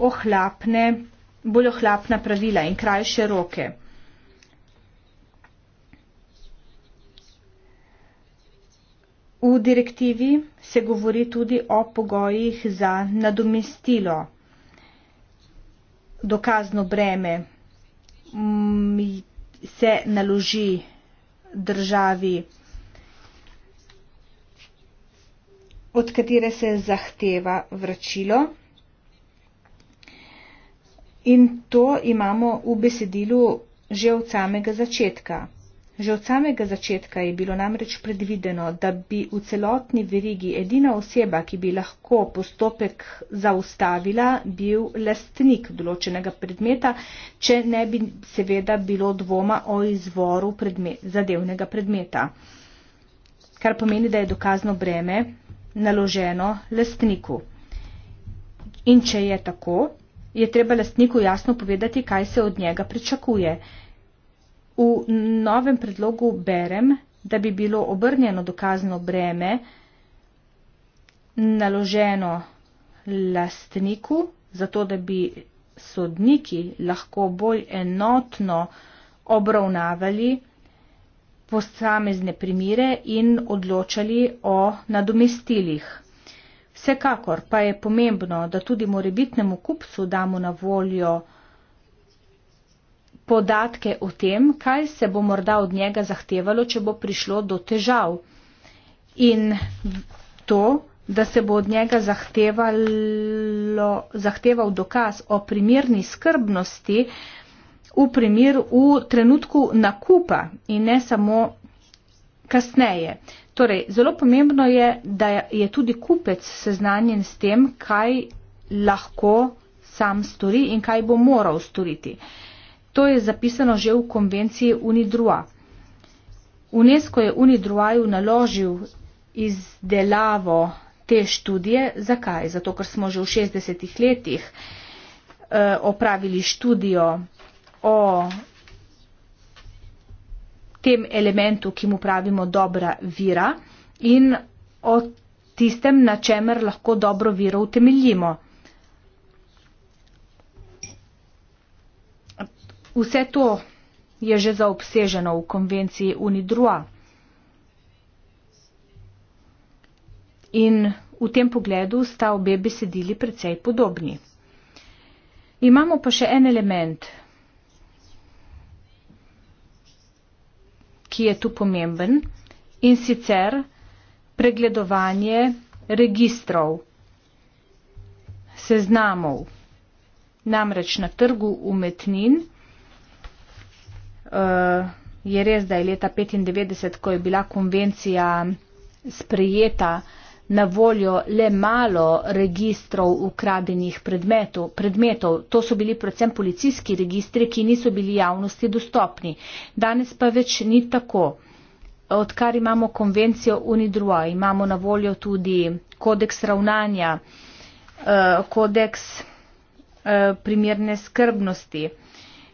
ohlapne, bolj ohlapna pravila in krajše roke. V direktivi se govori tudi o pogojih za nadomestilo. Dokazno breme mm, se naloži državi od katere se zahteva vračilo. In to imamo v besedilu že od samega začetka. Že od samega začetka je bilo namreč predvideno, da bi v celotni verigi edina oseba, ki bi lahko postopek zaustavila, bil lastnik določenega predmeta, če ne bi seveda bilo dvoma o izvoru predme zadevnega predmeta. Kar pomeni, da je dokazno breme naloženo lastniku. In če je tako, je treba lastniku jasno povedati, kaj se od njega pričakuje. V novem predlogu berem, da bi bilo obrnjeno dokazno breme naloženo lastniku, zato da bi sodniki lahko bolj enotno obravnavali posamezne primire in odločali o nadomestilih. Vsekakor pa je pomembno, da tudi morebitnemu kupcu damo na voljo podatke o tem, kaj se bo morda od njega zahtevalo, če bo prišlo do težav. In to, da se bo od njega zahteval dokaz o primirni skrbnosti, v primeru, v trenutku nakupa in ne samo kasneje. Torej, zelo pomembno je, da je tudi kupec seznanjen s tem, kaj lahko sam stori in kaj bo moral storiti. To je zapisano že v konvenciji UNIDROA. UNESCO je UNIDROAJU naložil izdelavo te študije. Zakaj? Zato, ker smo že v 60-ih letih eh, opravili študijo o tem elementu, ki mu pravimo dobra vira in o tistem, na čemer lahko dobro viro utemeljimo. Vse to je že zaobseženo v konvenciji Unidrua. In v tem pogledu sta obe besedili precej podobni. Imamo pa še en element, ki je tu pomemben in sicer pregledovanje registrov, seznamov. Namreč na trgu umetnin eh, je res, da je leta 1995, ko je bila konvencija sprejeta, na voljo le malo registrov ukradenih predmetov. predmetov. To so bili predvsem policijski registri, ki niso bili javnosti dostopni. Danes pa več ni tako. Odkar imamo konvencijo UNIDROA, imamo na voljo tudi kodeks ravnanja, eh, kodeks eh, primerne skrbnosti,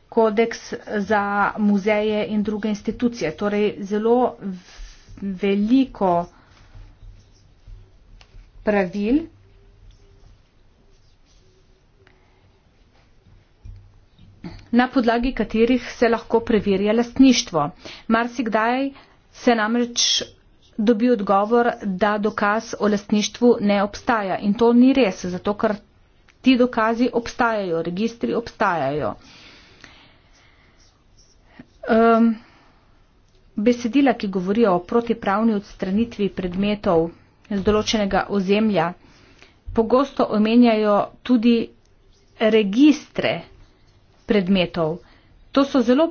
kodeks za muzeje in druge institucije. Torej zelo veliko pravil, na podlagi katerih se lahko preverja lastništvo. Marsikdaj se namreč dobi odgovor, da dokaz o lastništvu ne obstaja. In to ni res, zato ker ti dokazi obstajajo, registri obstajajo. Um, besedila, ki govorijo o protipravni odstranitvi predmetov z določenega ozemlja. Pogosto omenjajo tudi registre predmetov. To so zelo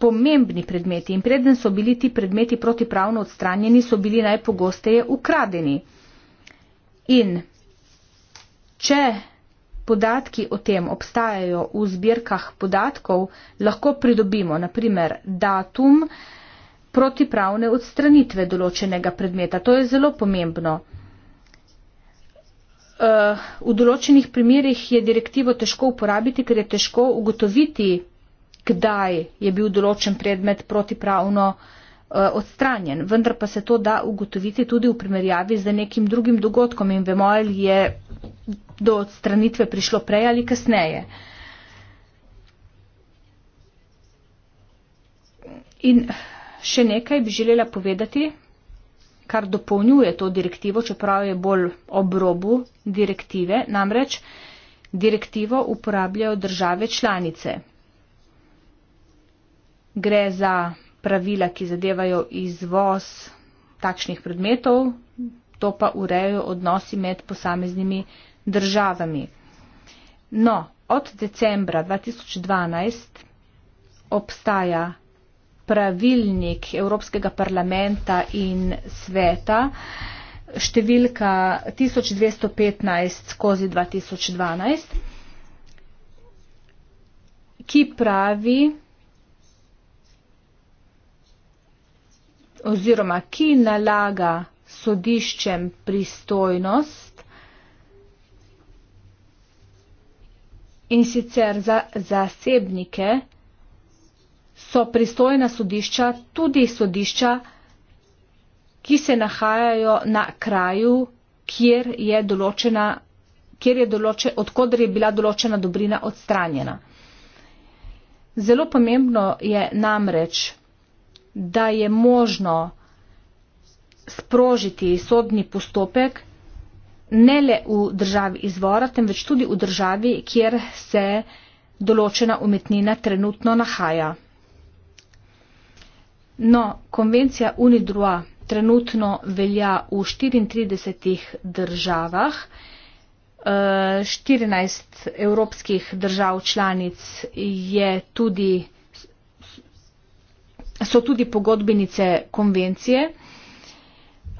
pomembni predmeti in preden so bili ti predmeti protipravno odstranjeni, so bili najpogosteje ukradeni. In če podatki o tem obstajajo v zbirkah podatkov, lahko pridobimo naprimer datum, protipravne odstranitve določenega predmeta. To je zelo pomembno. Uh, v določenih primerjih je direktivo težko uporabiti, ker je težko ugotoviti, kdaj je bil določen predmet protipravno uh, odstranjen. Vendar pa se to da ugotoviti tudi v primerjavi z nekim drugim dogodkom in vemo, ali je do odstranitve prišlo prej ali kasneje. In še nekaj bi želela povedati, kar dopolnjuje to direktivo, čeprav je bolj obrobu direktive, namreč direktivo uporabljajo države članice. Gre za pravila, ki zadevajo izvoz takšnih predmetov, to pa urejajo odnosi med posameznimi državami. No, od decembra 2012 obstaja pravilnik Evropskega parlamenta in sveta številka 1215 skozi 2012, ki pravi oziroma ki nalaga sodiščem pristojnost in sicer za zasebnike, so pristojna sodišča, tudi sodišča, ki se nahajajo na kraju, kjer je določena, kjer je določe, odkudar je bila določena dobrina odstranjena. Zelo pomembno je namreč, da je možno sprožiti sodni postopek ne le v državi izvora, temveč tudi v državi, kjer se določena umetnina trenutno nahaja. No, konvencija UNIDROA trenutno velja v 34 državah. 14 eh, evropskih držav članic tudi, so tudi pogodbenice konvencije,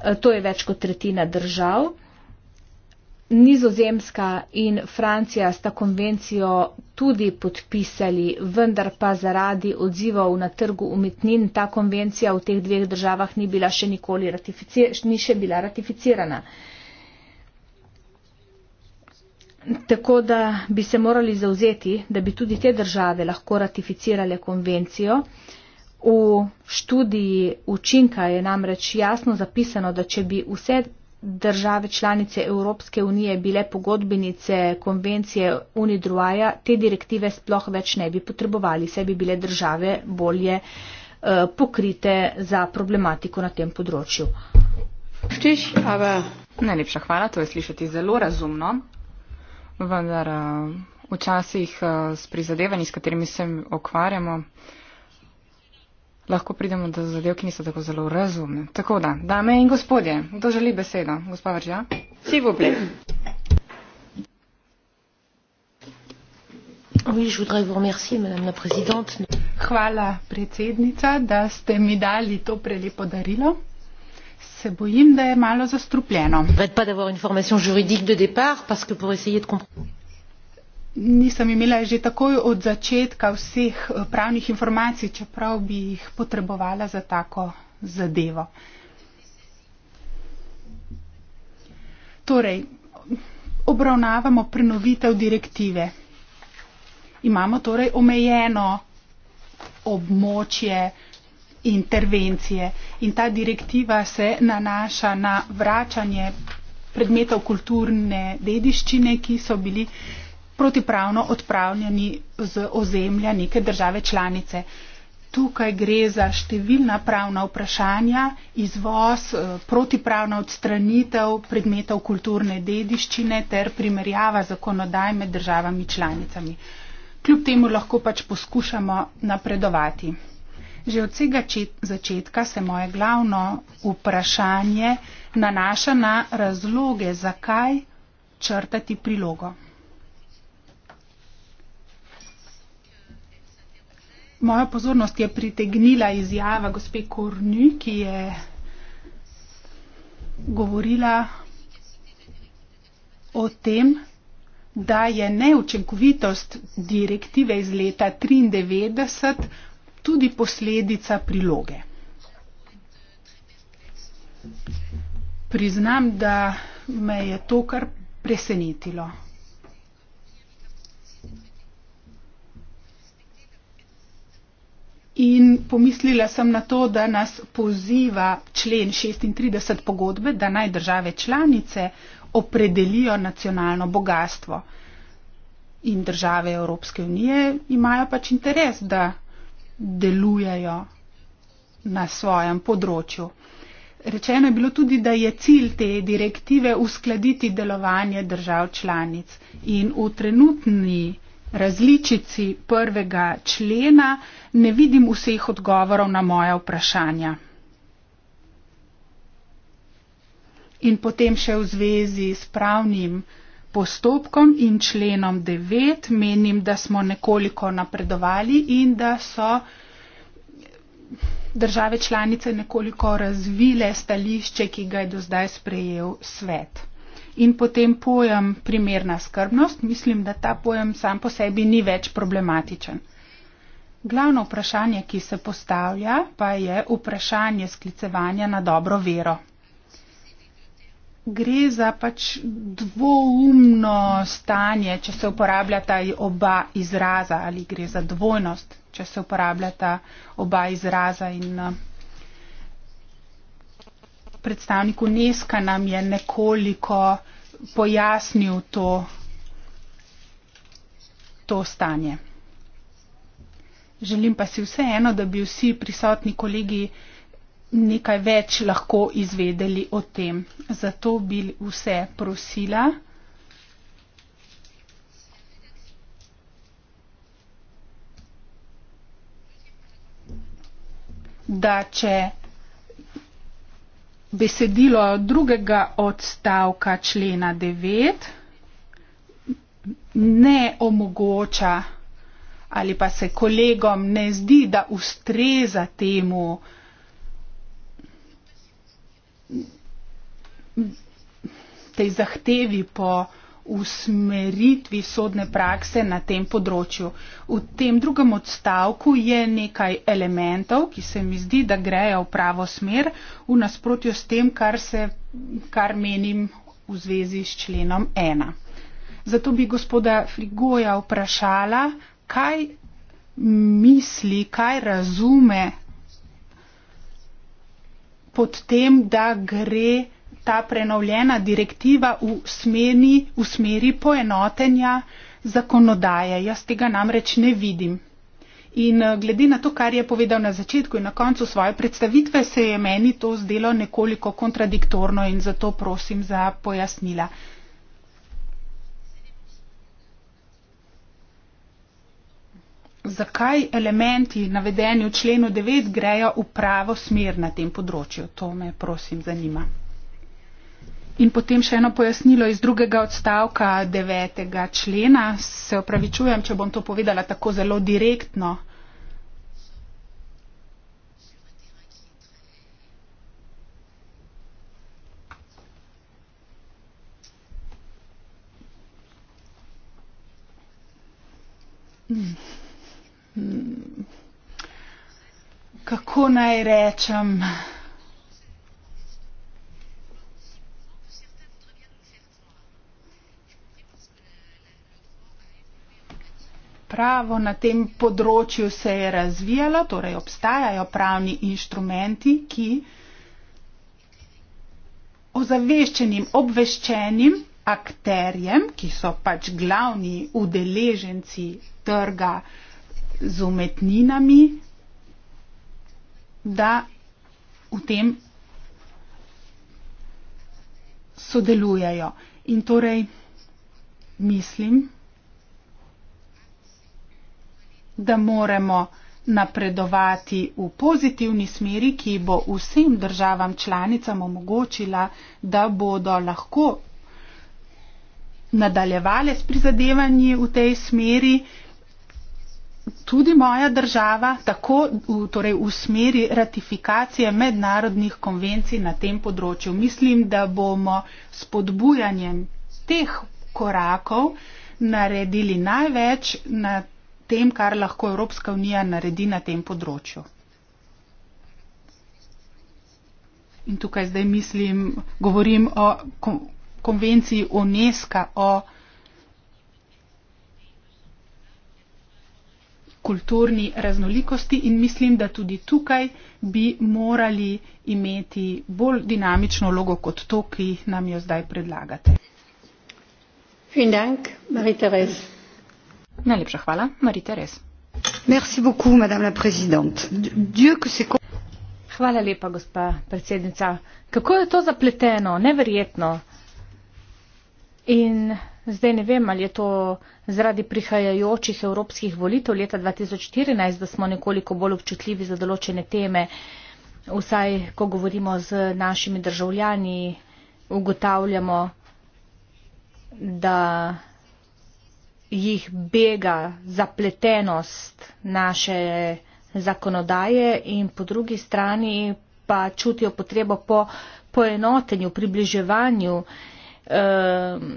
eh, to je več kot tretjina držav. Nizozemska in Francija sta konvencijo tudi podpisali, vendar pa zaradi odzivov na trgu umetnin ta konvencija v teh dveh državah ni bila še nikoli ratificir ni še bila ratificirana. Tako da bi se morali zauzeti, da bi tudi te države lahko ratificirale konvencijo. V študiji učinka je namreč jasno zapisano, da če bi vse države članice Evropske unije bile pogodbenice konvencije Unidruaja, te direktive sploh več ne bi potrebovali, saj bi bile države bolje eh, pokrite za problematiko na tem področju. Štiš, Najlepša hvala, to je slišati zelo razumno, vendar eh, včasih eh, s prizadevanji, s katerimi se okvarjamo, lahko pridemo do zadev, ki niso tako zelo razumne. Tako da, dame in gospodje, kdo želi besedo? Gospa Vrža? Vsi v obli. Hvala, predsednica, da ste mi dali to prelepo darilo. Se bojim, da je malo zastrupljeno nisem imela že takoj od začetka vseh eh, pravnih informacij, čeprav bi jih potrebovala za tako zadevo. Torej, obravnavamo prenovitev direktive. Imamo torej omejeno območje intervencije in ta direktiva se nanaša na vračanje predmetov kulturne dediščine, ki so bili protipravno odpravljeni z ozemlja neke države članice. Tukaj gre za številna pravna vprašanja, izvoz, eh, protipravna odstranitev predmetov kulturne dediščine ter primerjava zakonodaj med državami članicami. Kljub temu lahko pač poskušamo napredovati. Že od vsega začetka se moje glavno vprašanje nanaša na razloge, zakaj črtati prilogo. Moja pozornost je pritegnila izjava gospe Korni, ki je govorila o tem, da je neučinkovitost direktive iz leta 1993 tudi posledica priloge. Priznam, da me je to kar presenetilo. In pomislila sem na to, da nas poziva člen 36 pogodbe, da naj države članice opredelijo nacionalno bogatstvo. In države Evropske unije imajo pač interes, da delujejo na svojem področju. Rečeno je bilo tudi, da je cilj te direktive uskladiti delovanje držav članic in v trenutni različici prvega člena ne vidim vseh odgovorov na moja vprašanja. In potem še v zvezi s pravnim postopkom in členom 9 menim, da smo nekoliko napredovali in da so države članice nekoliko razvile stališče, ki ga je do zdaj sprejel svet in potem pojem primerna skrbnost, mislim, da ta pojem sam po sebi ni več problematičen. Glavno vprašanje, ki se postavlja, pa je vprašanje sklicevanja na dobro vero. Gre za pač dvoumno stanje, če se uporabljata oba izraza ali gre za dvojnost, če se uporabljata oba izraza in predstavnik UNESCO nam je nekoliko pojasnil to, to stanje. Želim pa si vseeno, da bi vsi prisotni kolegi nekaj več lahko izvedeli o tem. Zato bi vse prosila. Da, če besedilo drugega odstavka člena 9 ne omogoča ali pa se kolegom ne zdi, da ustreza temu tej zahtevi po usmeritvi sodne prakse na tem področju. V tem drugem odstavku je nekaj elementov, ki se mi zdi, da grejo v pravo smer, v nasprotju s tem, kar, se, kar menim v zvezi s členom 1. Zato bi gospoda Frigoja vprašala, kaj misli, kaj razume pod tem, da gre ta prenovljena direktiva v smeri, v smeri poenotenja zakonodaje. Jaz tega namreč ne vidim. In eh, glede na to, kar je povedal na začetku in na koncu svoje predstavitve, se je meni to zdelo nekoliko kontradiktorno in zato prosim za pojasnila. Zakaj elementi navedeni v členu 9 grejo v pravo smer na tem področju? To me prosim zanima. In potem še eno pojasnilo iz drugega odstavka devetega člena. Se opravičujem, če bom to povedala tako zelo direktno. Hmm. Hmm. Kako naj rečem? pravo na tem področju se je razvijalo, torej obstajajo pravni inštrumenti, ki ozaveščenim, obveščenim akterjem, ki so pač glavni udeleženci trga z umetninami, da v tem sodelujejo. In torej mislim, da moremo napredovati v pozitivni smeri, ki bo vsem državam članicam omogočila, da bodo lahko nadaljevale s prizadevanji v tej smeri, tudi moja država, tako v, torej v smeri ratifikacije mednarodnih konvencij na tem področju. Mislim, da bomo spodbujanjem teh korakov naredili največ na tem, kar lahko Evropska unija naredi na tem področju. In tukaj zdaj mislim, govorim o konvenciji UNESCO o kulturni raznolikosti in mislim, da tudi tukaj bi morali imeti bolj dinamično logo kot to, ki nam jo zdaj predlagate. Hvala, Marita Rez. Najlepša hvala, Marita Res. Hvala lepa, gospa predsednica. Kako je to zapleteno? Neverjetno. In zdaj ne vem, ali je to zaradi prihajajočih evropskih volitev leta 2014, da smo nekoliko bolj občutljivi za določene teme, vsaj ko govorimo z našimi državljani, ugotavljamo, da jih bega zapletenost naše zakonodaje in po drugi strani pa čutijo potrebo po poenotenju, približevanju ehm,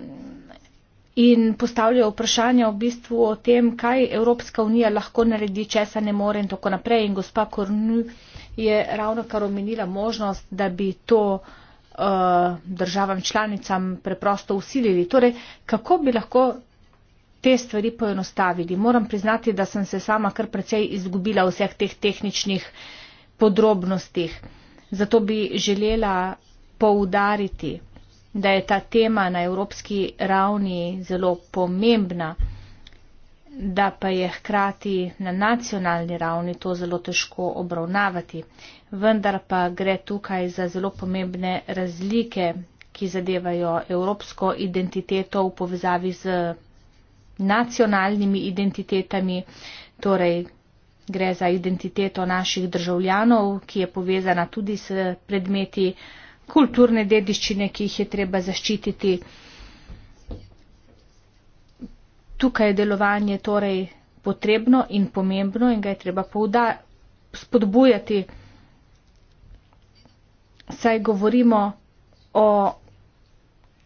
in postavljajo vprašanja v bistvu o tem, kaj Evropska unija lahko naredi, česa ne more in tako naprej. In gospa Kornu je ravno kar omenila možnost, da bi to eh, državam članicam preprosto usilili. Torej, kako bi lahko te stvari poenostavili. Moram priznati, da sem se sama kar precej izgubila v vseh teh tehničnih podrobnostih. Zato bi želela poudariti, da je ta tema na evropski ravni zelo pomembna, da pa je hkrati na nacionalni ravni to zelo težko obravnavati. Vendar pa gre tukaj za zelo pomembne razlike, ki zadevajo evropsko identiteto v povezavi z nacionalnimi identitetami, torej gre za identiteto naših državljanov, ki je povezana tudi s predmeti kulturne dediščine, ki jih je treba zaščititi. Tukaj je delovanje torej potrebno in pomembno in ga je treba spodbujati, saj govorimo o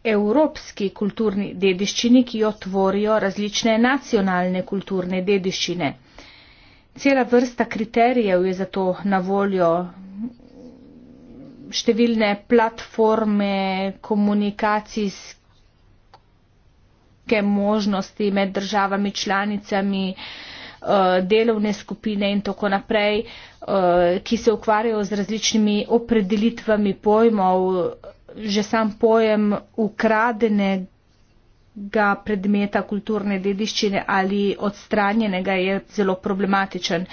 evropski kulturni dediščini, ki jo tvorijo različne nacionalne kulturne dediščine. Cela vrsta kriterijev je zato na voljo številne platforme, komunikacijske možnosti med državami, članicami, eh, delovne skupine in tako naprej, eh, ki se ukvarjajo z različnimi opredelitvami pojmov že sam pojem ukradenega predmeta kulturne dediščine ali odstranjenega je zelo problematičen.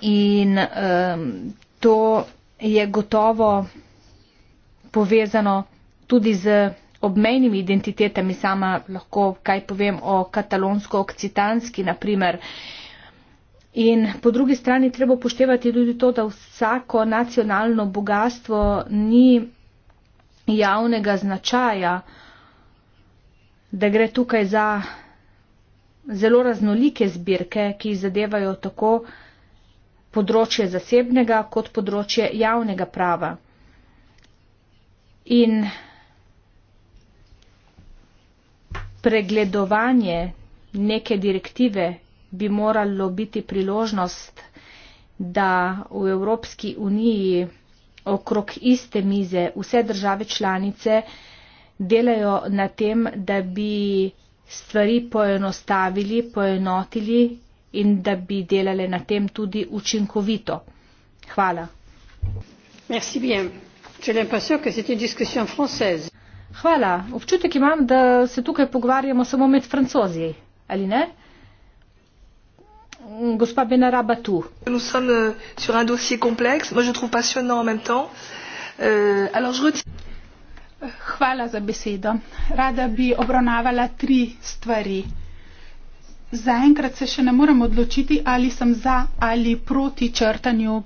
In um, to je gotovo povezano tudi z obmejnimi identitetami. Sama lahko kaj povem o katalonsko-okcitanski, naprimer. Uh, In po drugi strani treba upoštevati tudi to, da vsako nacionalno bogatstvo ni javnega značaja, da gre tukaj za zelo raznolike zbirke, ki zadevajo tako področje zasebnega kot področje javnega prava. In pregledovanje neke direktive bi moralo biti priložnost, da v Evropski uniji okrog iste mize vse države članice delajo na tem, da bi stvari poenostavili, poenotili in da bi delali na tem tudi učinkovito. Hvala. Hvala. Občutek imam, da se tukaj pogovarjamo samo med francozi, ali ne? Gospa Benara Batu. Nous sommes euh, sur un dossier complexe. Moi, je trouve passionnant en même temps. Euh, alors, je retiens. Hvala za besedo. Rada bi obravnavala tri stvari. Zaenkrat se še ne moram odločiti, ali sem za ali proti črtanju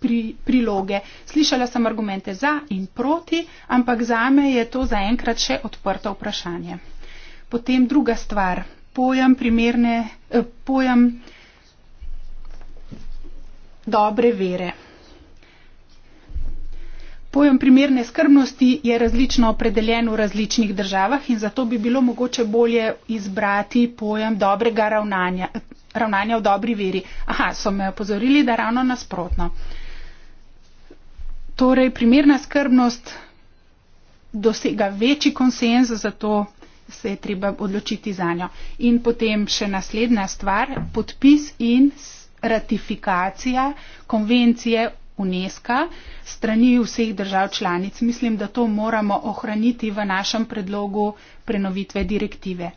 pri, priloge. Slišala sem argumente za in proti, ampak za me je to zaenkrat še odprto vprašanje. Potem druga stvar pojem primerne, eh, pojem dobre vere. Pojem primerne skrbnosti je različno opredeljen v različnih državah in zato bi bilo mogoče bolje izbrati pojem dobrega ravnanja, ravnanja v dobri veri. Aha, so me opozorili, da ravno nasprotno. Torej, primerna skrbnost dosega večji konsenz, zato se je treba odločiti za njo. In potem še naslednja stvar, podpis in ratifikacija konvencije UNESCO strani vseh držav članic. Mislim, da to moramo ohraniti v našem predlogu prenovitve direktive.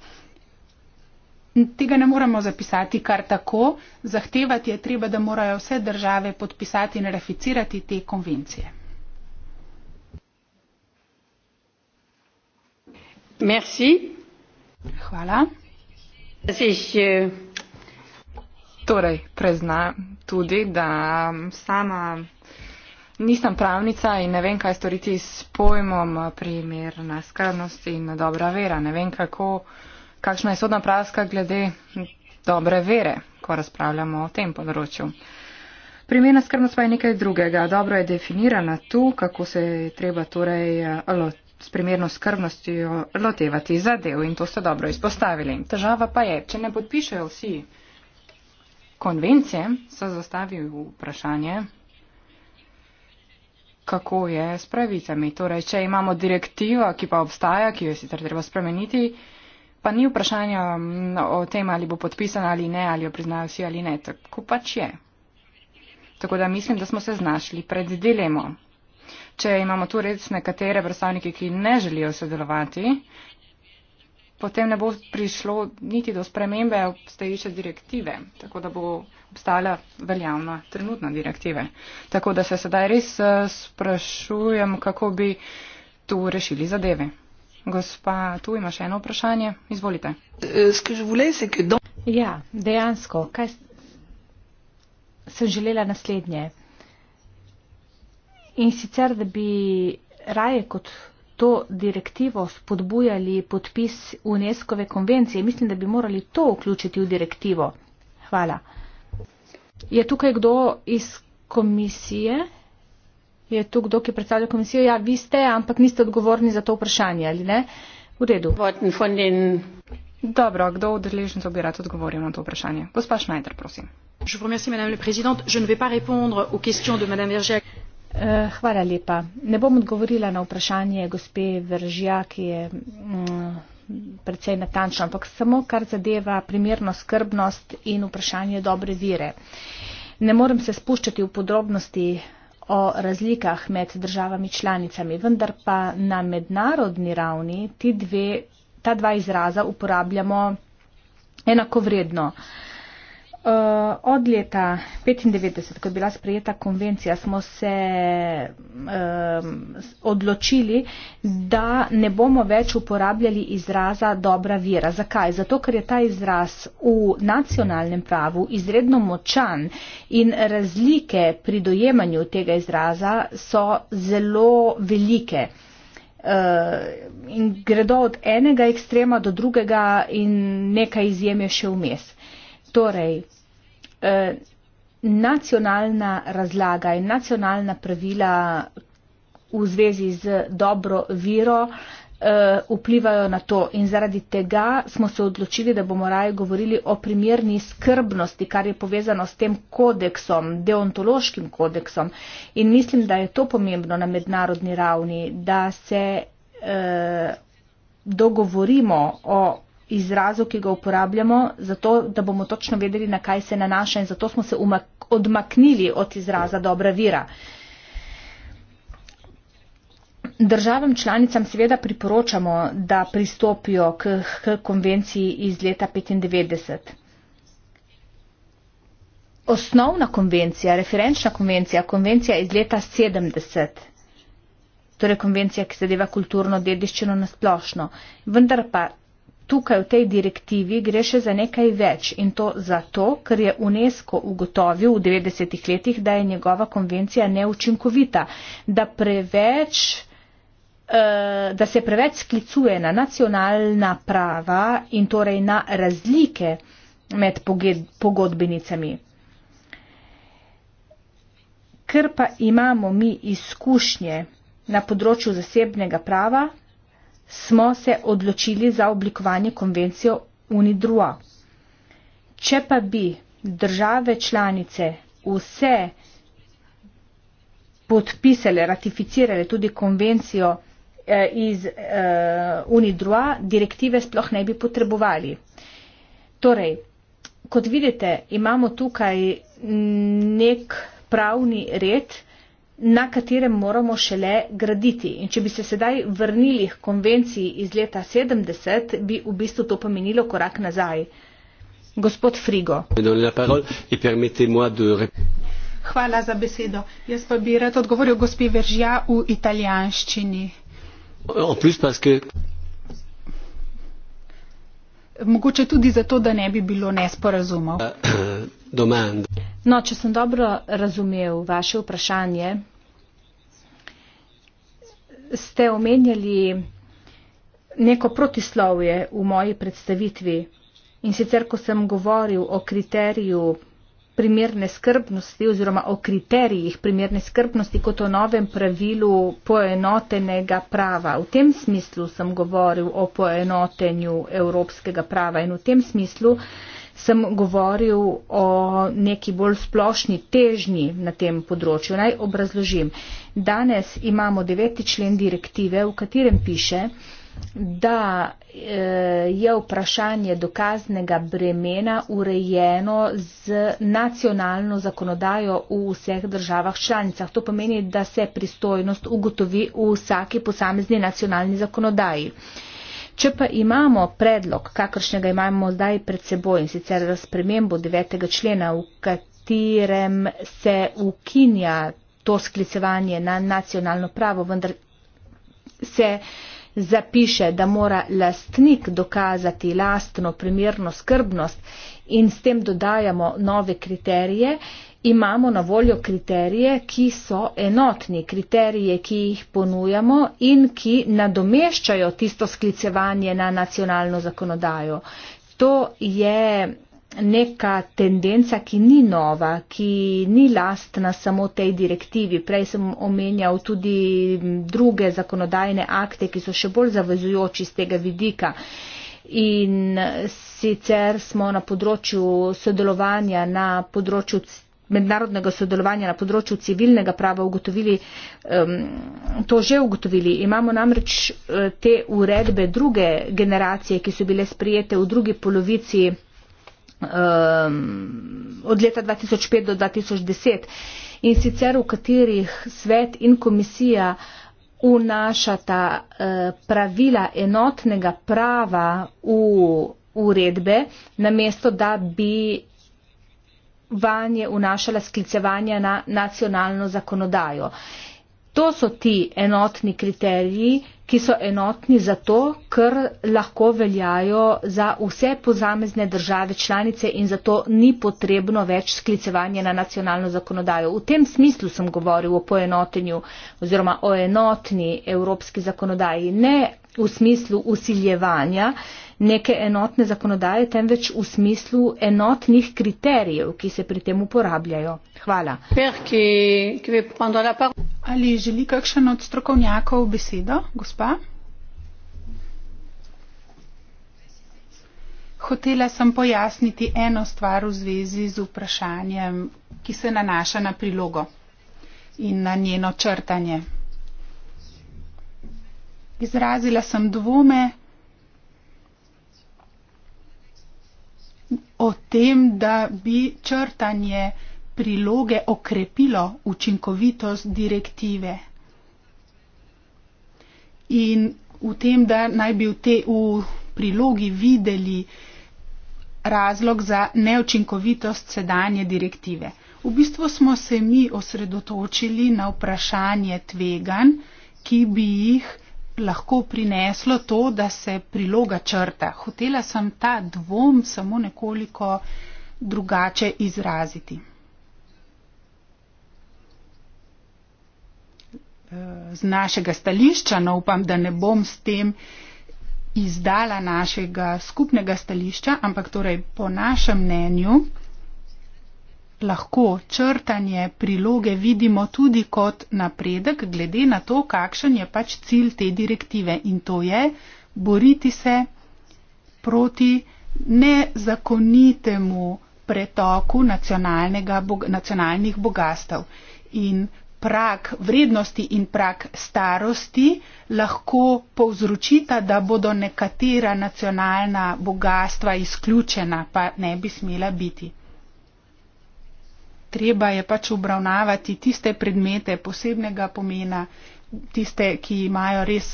Tega ne moramo zapisati kar tako, zahtevati je treba, da morajo vse države podpisati in ratificirati te konvencije. Eh, torej, preznam tudi, da sama nisem pravnica in ne vem, kaj storiti s pojmom primer na skrbnost in na dobra vera. Ne vem, kako, kakšna je sodna praska glede dobre vere, ko razpravljamo o tem področju. Primerna skrbnost pa je nekaj drugega. Dobro je definirana tu, kako se je treba torej eh, loti s primerno skrbnostjo lotevati zadev in to ste dobro izpostavili. Težava pa je, če ne podpišejo vsi konvencije, so zastavili vprašanje, kako je s pravicami. Torej, če imamo direktivo, ki pa obstaja, ki jo je sicer treba spremeniti, pa ni vprašanja mm, o tem, ali bo podpisana ali ne, ali jo priznajo vsi ali ne. Tako pač je. Tako da mislim, da smo se znašli pred dilemo če imamo tu res nekatere predstavnike, ki ne želijo sodelovati, potem ne bo prišlo niti do spremembe obstajiče direktive, tako da bo obstala veljavna trenutna direktive. Tako da se sedaj res eh, sprašujem, kako bi tu rešili zadeve. Gospa, tu ima še eno vprašanje. Izvolite. Eh, ja, dejansko, kaj sem želela naslednje. In sicer, da bi raje kot to direktivo spodbujali podpis UNESCO-ve konvencije. Mislim, da bi morali to vključiti v direktivo. Hvala. Je tukaj kdo iz komisije? Je tu kdo, ki predstavlja komisijo? Ja, vi ste, ampak niste odgovorni za to vprašanje, ali ne? V redu. Dobro, kdo od deležnicov bi rad odgovoril na to vprašanje? Gospa Šnajder, prosim. Eh, hvala lepa. Ne bom odgovorila na vprašanje gospe Veržja, ki je mm, precej natančno, ampak samo kar zadeva primerno skrbnost in vprašanje dobre vire. Ne morem se spuščati v podrobnosti o razlikah med državami članicami, vendar pa na mednarodni ravni dve, ta dva izraza uporabljamo enako vredno. Uh, Uh, od leta 1995, ko je bila sprejeta konvencija, smo se um, odločili, da ne bomo več uporabljali izraza dobra vera. Zakaj? Zato, ker je ta izraz v nacionalnem pravu izredno močan in razlike pri dojemanju tega izraza so zelo velike. Uh, gredo od enega ekstrema do drugega in nekaj izjem je še vmes. Torej, eh, nacionalna razlaga in nacionalna pravila v zvezi z dobro viro eh, vplivajo na to in zaradi tega smo se odločili, da bomo raje govorili o primerni skrbnosti, kar je povezano s tem kodeksom, deontološkim kodeksom in mislim, da je to pomembno na mednarodni ravni, da se eh, dogovorimo o izrazu, ki ga uporabljamo, zato da bomo točno vedeli, na kaj se nanaša in zato smo se odmaknili od izraza dobra vira. Državam članicam seveda priporočamo, da pristopijo k, k konvenciji iz leta 1995. Osnovna konvencija, referenčna konvencija, konvencija iz leta 70, torej konvencija, ki zadeva kulturno dediščino nasplošno, vendar pa tukaj v tej direktivi gre še za nekaj več in to zato, ker je UNESCO ugotovil v 90-ih letih, da je njegova konvencija neučinkovita, da preveč eh, da se preveč sklicuje na nacionalna prava in torej na razlike med pogodbenicami. Ker pa imamo mi izkušnje na področju zasebnega prava, smo se odločili za oblikovanje konvencijo UNIDRUA. Če pa bi države članice vse podpisale, ratificirale tudi konvencijo eh, iz eh, UNIDRUA, direktive sploh ne bi potrebovali. Torej, kot vidite, imamo tukaj nek pravni red, na katerem moramo šele graditi. In če bi se sedaj vrnili k konvenciji iz leta 70, bi v bistvu to pomenilo korak nazaj. Gospod Frigo. Hvala za besedo. Jaz pa bi rad odgovoril gospi Veržja v italijanščini. Mogoče tudi zato, da ne bi bilo nesporazumov. Euh, <coughs> no, če sem dobro razumel vaše vprašanje, ste omenjali neko protislovje v moji predstavitvi in sicer, ko sem govoril o kriteriju primerne skrbnosti oziroma o kriterijih primerne skrbnosti kot o novem pravilu poenotenega prava. V tem smislu sem govoril o poenotenju evropskega prava in v tem smislu uh, sem govoril o neki bolj splošni težnji na tem področju. Naj obrazložim. Danes imamo deveti člen direktive, v katerem piše, da eh, je vprašanje dokaznega bremena urejeno z nacionalno zakonodajo v vseh državah članicah. To pomeni, da se pristojnost ugotovi v vsaki posamezni nacionalni zakonodaji. Če pa imamo predlog, kakršnega imamo zdaj pred seboj, in sicer za spremembo 9. člena, v katerem se ukinja to sklicevanje na nacionalno pravo, vendar se zapiše, da mora lastnik dokazati lastno primerno skrbnost in s tem dodajamo nove kriterije, imamo na voljo kriterije, ki so enotni, kriterije, ki jih ponujamo in ki nadomeščajo tisto sklicevanje na nacionalno zakonodajo. To je neka tendenca, ki ni nova, ki ni lastna samo tej direktivi. Prej sem omenjal tudi druge zakonodajne akte, ki so še bolj zavezujoči z tega vidika. In sicer smo na področju sodelovanja, na področju mednarodnega sodelovanja na področju civilnega prava ugotovili, to že ugotovili. Imamo namreč eh, te uredbe druge generacije, ki so bile sprijete v drugi polovici od leta 2005 do 2010 in sicer v katerih svet in komisija unašata eh, pravila enotnega prava v uredbe, namesto da bi vanje vnašala sklicevanja na nacionalno zakonodajo. To so ti enotni kriteriji, ki so enotni zato, ker lahko veljajo za vse pozamezne države članice in zato ni potrebno več sklicevanje na nacionalno zakonodajo. V tem smislu sem govoril o poenotenju oziroma o enotni evropski zakonodaji, ne v smislu usiljevanja, neke enotne zakonodaje, temveč v smislu enotnih kriterijev, ki se pri tem uporabljajo. Hvala. Ali želi kakšen od strokovnjakov besedo, gospa? Hotela sem pojasniti eno stvar v zvezi z vprašanjem, ki se nanaša na prilogo in na njeno črtanje. Izrazila sem dvome, o tem, da bi črtanje priloge okrepilo učinkovitost direktive. In v tem, da naj bi v te v prilogi videli razlog za neučinkovitost sedanje direktive. V bistvu smo se mi osredotočili na vprašanje tvegan, ki bi jih lahko prineslo to, da se priloga črta. Hotela sem ta dvom samo nekoliko drugače izraziti. Z našega stališča, no upam, da ne bom s tem izdala našega skupnega stališča, ampak torej po našem mnenju lahko črtanje priloge vidimo tudi kot napredek, glede na to, kakšen je pač cilj te direktive in to je boriti se proti nezakonitemu pretoku nacionalnih bogastev. In prak vrednosti in prak starosti lahko povzročita, da bodo nekatera nacionalna bogastva izključena, pa ne bi smela biti treba je pač obravnavati tiste predmete posebnega pomena, tiste, ki imajo res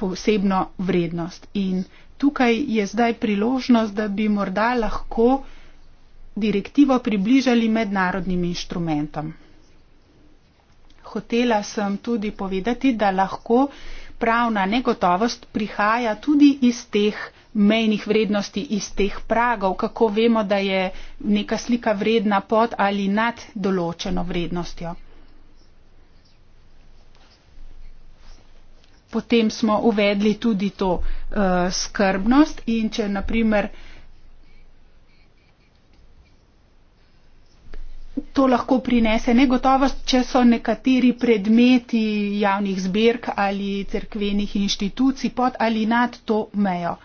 posebno vrednost. In tukaj je zdaj priložnost, da bi morda lahko direktivo približali mednarodnim inštrumentom. Hotela sem tudi povedati, da lahko pravna negotovost prihaja tudi iz teh mejnih vrednosti, iz teh pragov, kako vemo, da je neka slika vredna pod ali nad določeno vrednostjo. Potem smo uvedli tudi to uh, skrbnost in če naprimer uh, to lahko prinese negotovost, če so nekateri predmeti javnih zbirk ali crkvenih inštitucij pod ali nad to mejo.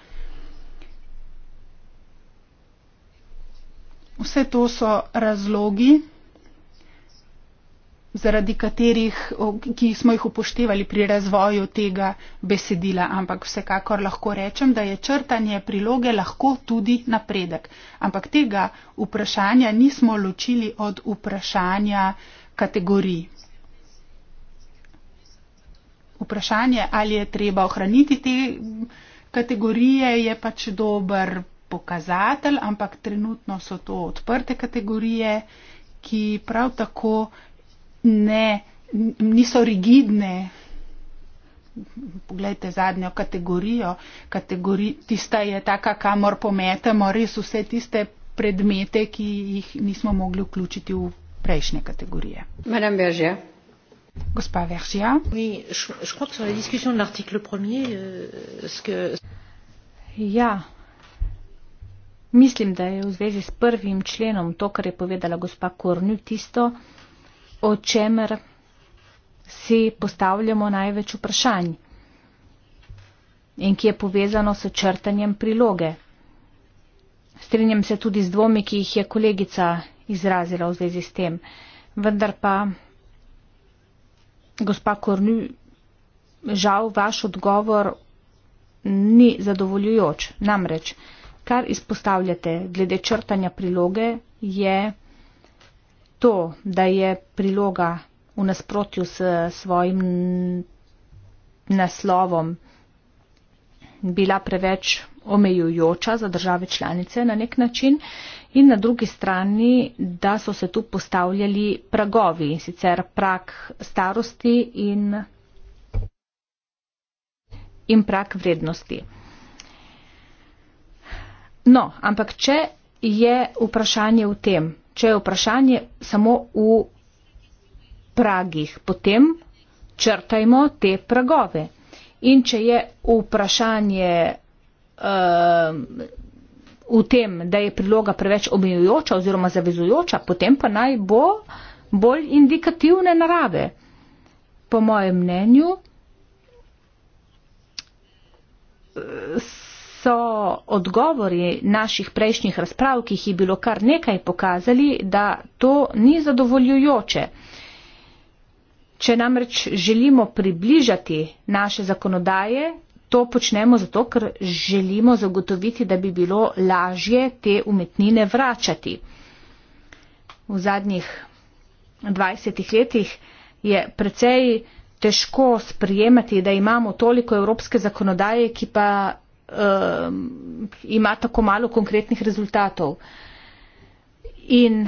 Vse to so razlogi zaradi katerih, ki smo jih upoštevali pri razvoju tega besedila, ampak vsekakor lahko rečem, da je črtanje priloge lahko tudi napredek. Ampak tega vprašanja nismo ločili od vprašanja kategorij. Vprašanje, ali je treba ohraniti te kategorije, je pač dober pokazatelj, ampak trenutno so to odprte kategorije, ki prav tako ne, niso rigidne. Poglejte zadnjo kategorijo. Kategori, tista je taka, kamor pometemo res vse tiste predmete, ki jih nismo mogli vključiti v prejšnje kategorije. Madame Berger. Gospa Veržija. Oui, euh, ja, mislim, da je v zvezi s prvim členom to, kar je povedala gospa Kornil, tisto, o čemer si postavljamo največ vprašanj in ki je povezano s črtanjem priloge. Strinjam se tudi z dvomi, ki jih je kolegica izrazila v zvezi s tem. Vendar pa, gospa Kornju, žal vaš odgovor ni zadovoljujoč. Namreč, kar izpostavljate glede črtanja priloge, je to, da je priloga v nasprotju s svojim naslovom bila preveč omejujoča za države članice na nek način in na drugi strani, da so se tu postavljali pragovi, sicer prak starosti in, in prak vrednosti. No, ampak če je vprašanje v tem, če je vprašanje samo v pragih, potem črtajmo te pragove. In če je vprašanje uh, v tem, da je priloga preveč omejujoča oziroma zavezujoča, potem pa naj bo bolj indikativne narave. Po mojem mnenju, so odgovori naših prejšnjih razprav, ki jih je bilo kar nekaj pokazali, da to ni zadovoljujoče. Če namreč želimo približati naše zakonodaje, to počnemo zato, ker želimo zagotoviti, da bi bilo lažje te umetnine vračati. V zadnjih 20 letih je precej težko sprijemati, da imamo toliko evropske zakonodaje, ki pa uh, ima tako malo konkretnih rezultatov. In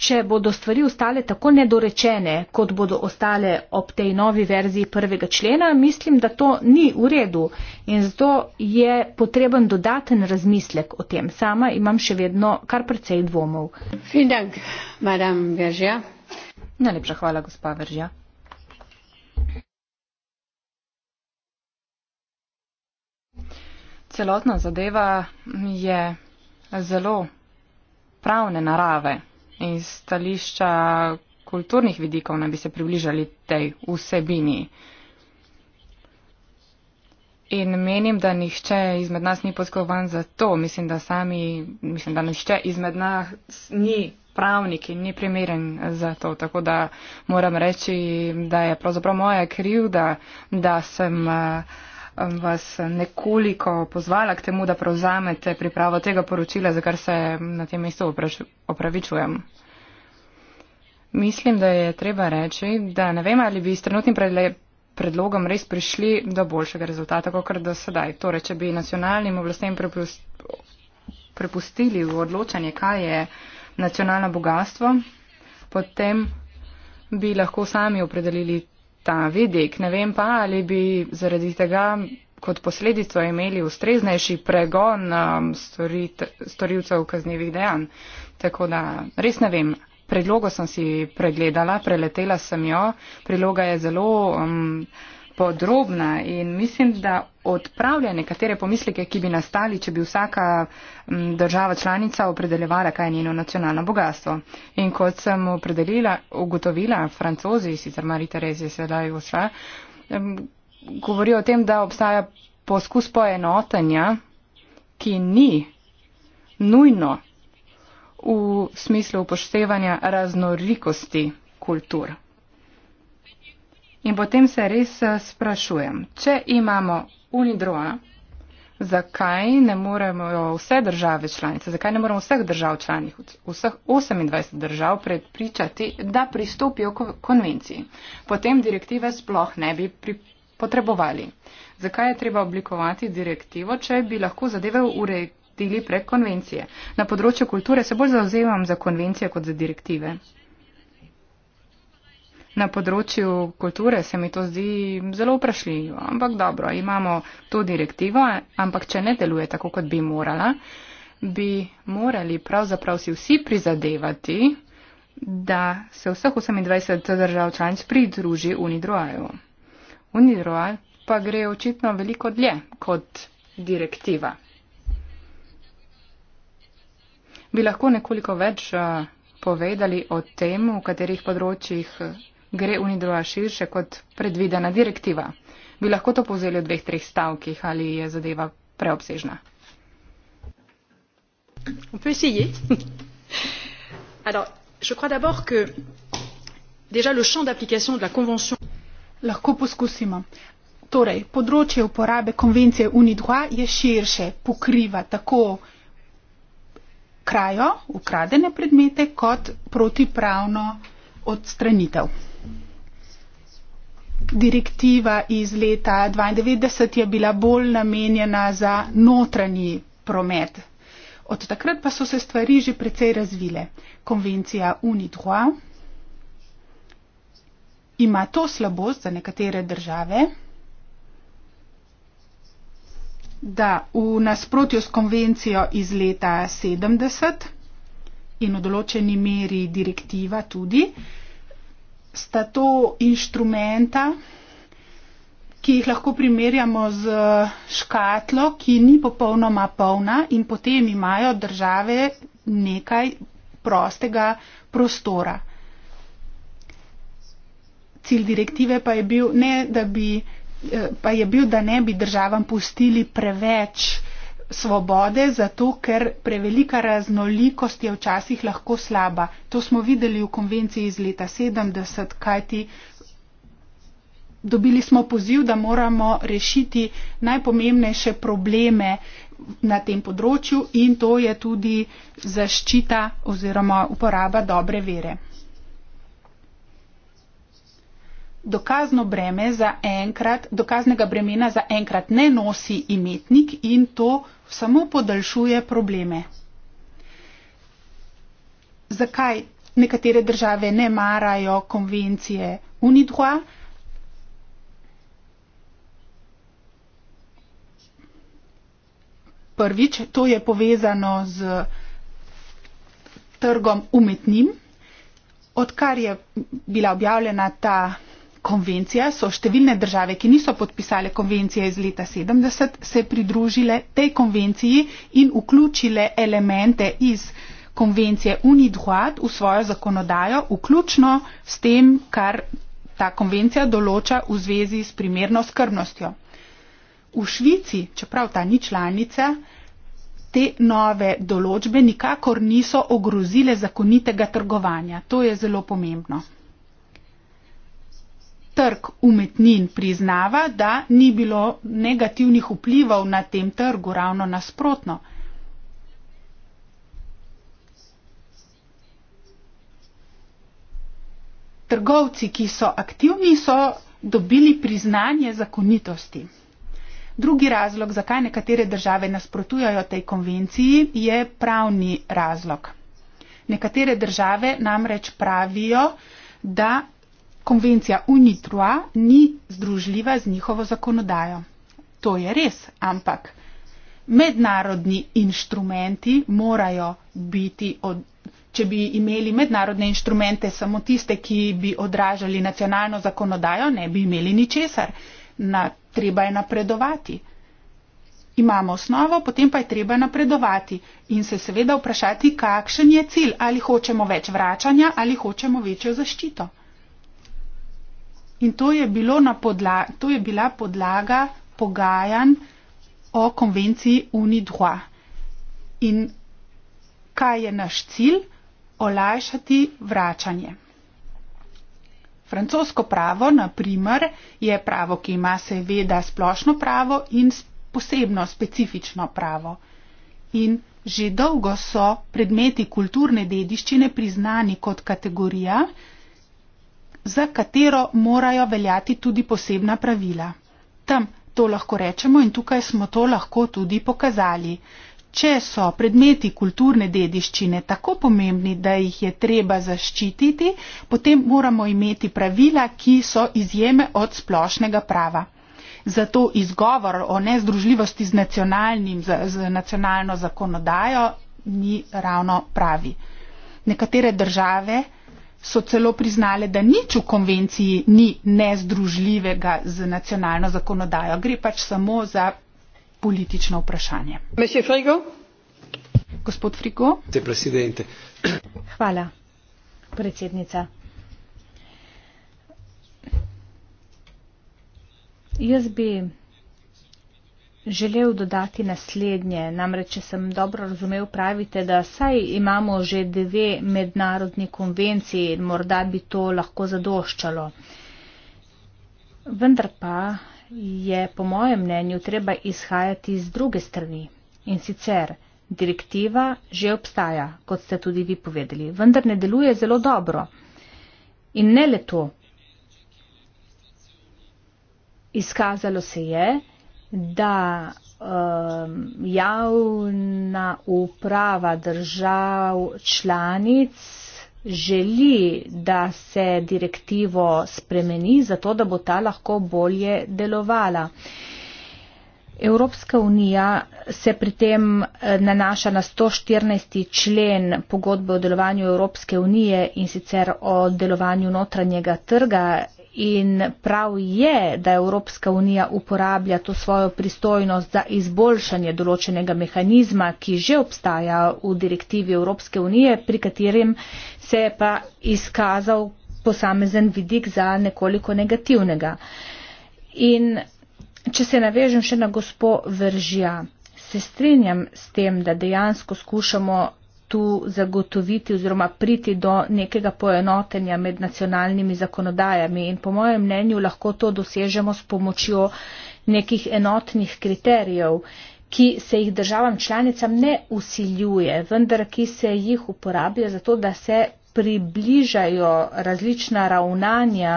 če bodo stvari ostale tako nedorečene, kot bodo ostale ob tej novi verziji prvega člena, mislim, da to ni v redu in zato je potreben dodaten razmislek o tem. Sama imam še vedno kar precej dvomov. Dank, Najlepša hvala, gospa Veržja. celotna zadeva je zelo pravne narave in stališča kulturnih vidikov naj bi se približali tej vsebini. In menim, da nihče izmed nas ni poskovan za to. Mislim, da sami, mislim, da nihče izmed nas ni pravnik in ni primeren za to. Tako da moram reči, da je pravzaprav moja krivda, da sem uh, vas nekoliko pozvala k temu, da prevzamete pripravo tega poročila, za kar se na tem mestu opravičujem. Mislim, da je treba reči, da ne vem, ali bi s trenutnim predlogom res prišli do boljšega rezultata, kot do sedaj. Torej, če bi nacionalnim oblastem prepustili v odločanje, kaj je nacionalno bogatstvo, potem bi lahko sami opredelili ta vidik. Ne vem pa, ali bi zaradi tega kot posledico imeli ustreznejši pregon um, storilcev kaznjivih dejanj. Tako da res ne vem. Predlogo sem si pregledala, preletela sem jo. Priloga je zelo. Um, podrobna in mislim, da odpravlja nekatere pomisleke, ki bi nastali, če bi vsaka država članica opredeljevala, kaj je njeno nacionalno bogatstvo. In kot sem opredelila, ugotovila, francozi, sicer Marita Rezi sedaj ušla, govorijo o tem, da obstaja poskus poenotanja, ki ni nujno v smislu upoštevanja raznolikosti kultur. In potem se res eh, sprašujem, če imamo unidroa, zakaj ne moremo vse države članice, zakaj ne moremo vseh držav članih, vseh 28 držav predpričati, da pristopijo k konvenciji. Potem direktive sploh ne bi potrebovali. Zakaj je treba oblikovati direktivo, če bi lahko zadeve urejali? prek konvencije. Na področju kulture se bolj zauzevam za konvencije kot za direktive na področju kulture se mi to zdi zelo vprašljivo. Ampak dobro, imamo to direktivo, ampak če ne deluje tako, kot bi morala, bi morali pravzaprav si vsi prizadevati, da se vseh 28 držav članic pridruži Unidroaju. Unidroa pa gre očitno veliko dlje kot direktiva. Bi lahko nekoliko več eh, povedali o tem, v katerih področjih gre Unidroa širše kot predvidena direktiva. Bi lahko to povzeli v dveh, treh stavkih ali je zadeva preobsežna? Lahko poskusimo. Torej, področje uporabe konvencije UNIDWA je širše, pokriva tako krajo, ukradene predmete, kot protipravno odstranitev direktiva iz leta 92 je bila bolj namenjena za notranji promet. Od takrat pa so se stvari že precej razvile. Konvencija UNIDROA ima to slabost za nekatere države, da v nasprotju s konvencijo iz leta 70 in v določeni meri direktiva tudi, sta to inštrumenta, ki jih lahko primerjamo z eh, škatlo, ki ni popolnoma polna in potem imajo države nekaj prostega prostora. Cilj direktive pa je bil, ne, da, bi, eh, pa je bil da ne bi državam pustili preveč svobode, zato ker prevelika raznolikost je včasih lahko slaba. To smo videli v konvenciji iz leta 70, kajti dobili smo poziv, da moramo rešiti najpomembnejše probleme na tem področju in to je tudi zaščita oziroma uporaba dobre vere. dokazno breme za enkrat, dokaznega bremena za enkrat ne nosi imetnik in to samo podaljšuje probleme. Zakaj nekatere države ne marajo konvencije UNIDROA? Prvič, to je povezano z trgom umetnim. Odkar je bila objavljena ta konvencija, so številne države, ki niso podpisale konvencije iz leta 70, se pridružile tej konvenciji in vključile elemente iz konvencije UNIDHUAD v svojo zakonodajo, vključno s tem, kar ta konvencija določa v zvezi s primerno skrbnostjo. V Švici, čeprav ta ni članica, te nove določbe nikakor niso ogrozile zakonitega trgovanja. To je zelo pomembno trg umetnin priznava, da ni bilo negativnih vplivov na tem trgu, ravno nasprotno. Trgovci, ki so aktivni, so dobili priznanje zakonitosti. Drugi razlog, zakaj nekatere države nasprotujajo tej konvenciji, je pravni razlog. Nekatere države namreč pravijo, da konvencija UNITROA ni združljiva z njihovo zakonodajo. To je res, ampak mednarodni inštrumenti morajo biti, od, če bi imeli mednarodne inštrumente samo tiste, ki bi odražali nacionalno zakonodajo, ne bi imeli ničesar. Na, treba je napredovati. Imamo osnovo, potem pa je treba napredovati in se seveda vprašati, kakšen je cilj, ali hočemo več vračanja ali hočemo večjo zaščito. In to je, bilo na podla, to je bila podlaga pogajanj o konvenciji UNIDROA. In kaj je naš cilj? Olajšati vračanje. Francosko pravo, naprimer, je pravo, ki ima seveda splošno pravo in posebno specifično pravo. In že dolgo so predmeti kulturne dediščine priznani kot kategorija, za katero morajo veljati tudi posebna pravila. Tam to lahko rečemo in tukaj smo to lahko tudi pokazali. Če so predmeti kulturne dediščine tako pomembni, da jih je treba zaščititi, potem moramo imeti pravila, ki so izjeme od splošnega prava. Zato izgovor o nezdružljivosti z, z, z nacionalno zakonodajo ni ravno pravi. Nekatere države so celo priznale, da nič v konvenciji ni nezdružljivega z nacionalno zakonodajo. Gre pač samo za politično vprašanje. Frigo? Gospod Frigo. Hvala, predsednica. Jaz bi želel dodati naslednje. Namreč, če sem dobro razumel, pravite, da saj imamo že dve mednarodni konvenciji in morda bi to lahko zadoščalo. Vendar pa je po mojem mnenju treba izhajati iz druge strani. In sicer direktiva že obstaja, kot ste tudi vi povedali, vendar ne deluje zelo dobro. In ne le to. Izkazalo se je, da um, javna uprava držav članic želi, da se direktivo spremeni, zato da bo ta lahko bolje delovala. Evropska unija se pri tem eh, nanaša na 114. člen pogodbe o delovanju Evropske unije in sicer o delovanju notranjega trga in prav je, da Evropska unija uporablja to svojo pristojnost za izboljšanje določenega mehanizma, ki že obstaja v direktivi Evropske unije, pri katerem se je pa izkazal posamezen vidik za nekoliko negativnega. In če se navežem še na gospo Vržija, se strinjam s tem, da dejansko skušamo tu zagotoviti oziroma priti do nekega poenotenja med nacionalnimi zakonodajami in po mojem mnenju lahko to dosežemo s pomočjo nekih enotnih kriterijev, ki se jih državam članicam ne usiljuje, vendar ki se jih uporablja zato, da se približajo različna ravnanja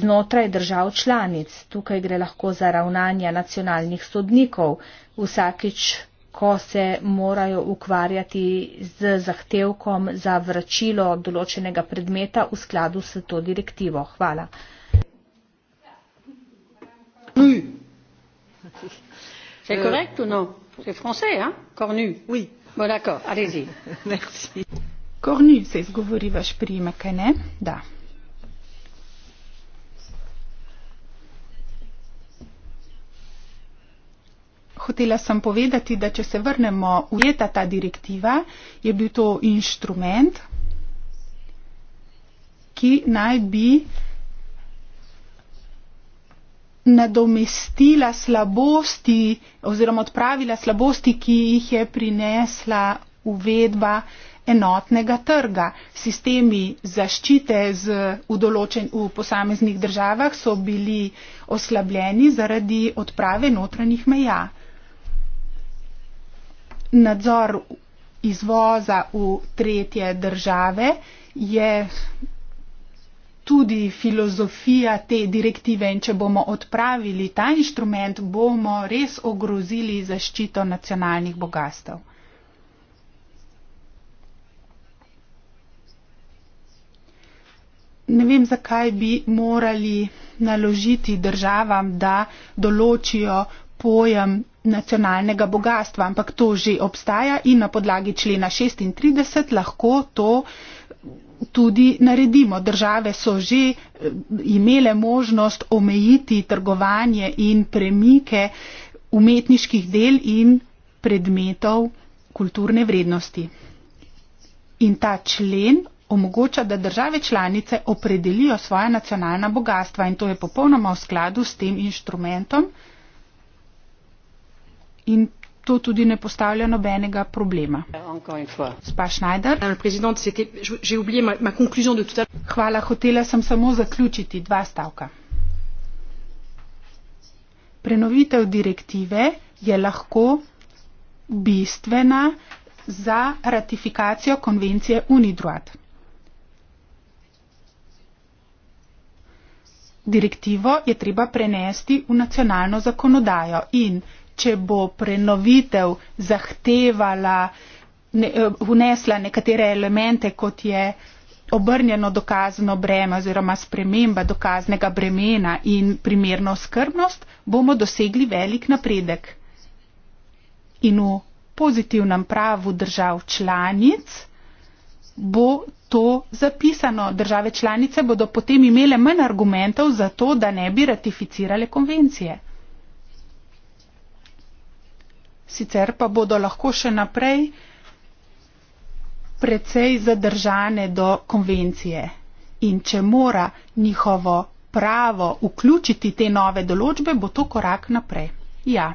znotraj držav članic. Tukaj gre lahko za ravnanja nacionalnih sodnikov. Vsakič ko se morajo ukvarjati z zahtevkom za vračilo določenega predmeta v skladu s to direktivo. Hvala. C'est euh, correct ou non C'est français, hein Cornu Oui. Bon, d'accord, allez-y. <laughs> Merci. Cornu, c'est ce que vous arrivez à exprimer, Da. Hotela sem povedati, da če se vrnemo v leta ta direktiva, je bil to inštrument, ki naj bi nadomestila slabosti oziroma odpravila slabosti, ki jih je prinesla uvedba enotnega trga. Sistemi zaščite z, v, določen, v posameznih državah so bili oslabljeni zaradi odprave notranjih meja nadzor izvoza v tretje države je tudi filozofija te direktive in če bomo odpravili ta inštrument, bomo res ogrozili zaščito nacionalnih bogastev. Ne vem, zakaj bi morali naložiti državam, da določijo pojem nacionalnega bogatstva, ampak to že obstaja in na podlagi člena 36 lahko to tudi naredimo. Države so že eh, imele možnost omejiti trgovanje in premike umetniških del in predmetov kulturne vrednosti. In ta člen omogoča, da države članice opredelijo svoja nacionalna bogatstva in to je popolnoma v skladu s tem inštrumentom, in to tudi ne postavlja nobenega problema. Hvala, hotela sem samo zaključiti dva stavka. Prenovitev direktive je lahko bistvena za ratifikacijo konvencije UNIDROAT. Direktivo je treba prenesti v nacionalno zakonodajo in če bo prenovitev zahtevala, eh, vnesla nekatere elemente, kot je obrnjeno dokazno breme oziroma sprememba dokaznega bremena in primerno skrbnost, bomo dosegli velik napredek. In v pozitivnem pravu držav članic bo to zapisano. Države članice bodo potem imele manj argumentov za to, da ne bi ratificirale konvencije sicer pa bodo lahko še naprej precej zadržane do konvencije. In če mora njihovo pravo vključiti te nove določbe, bo to korak naprej. Ja,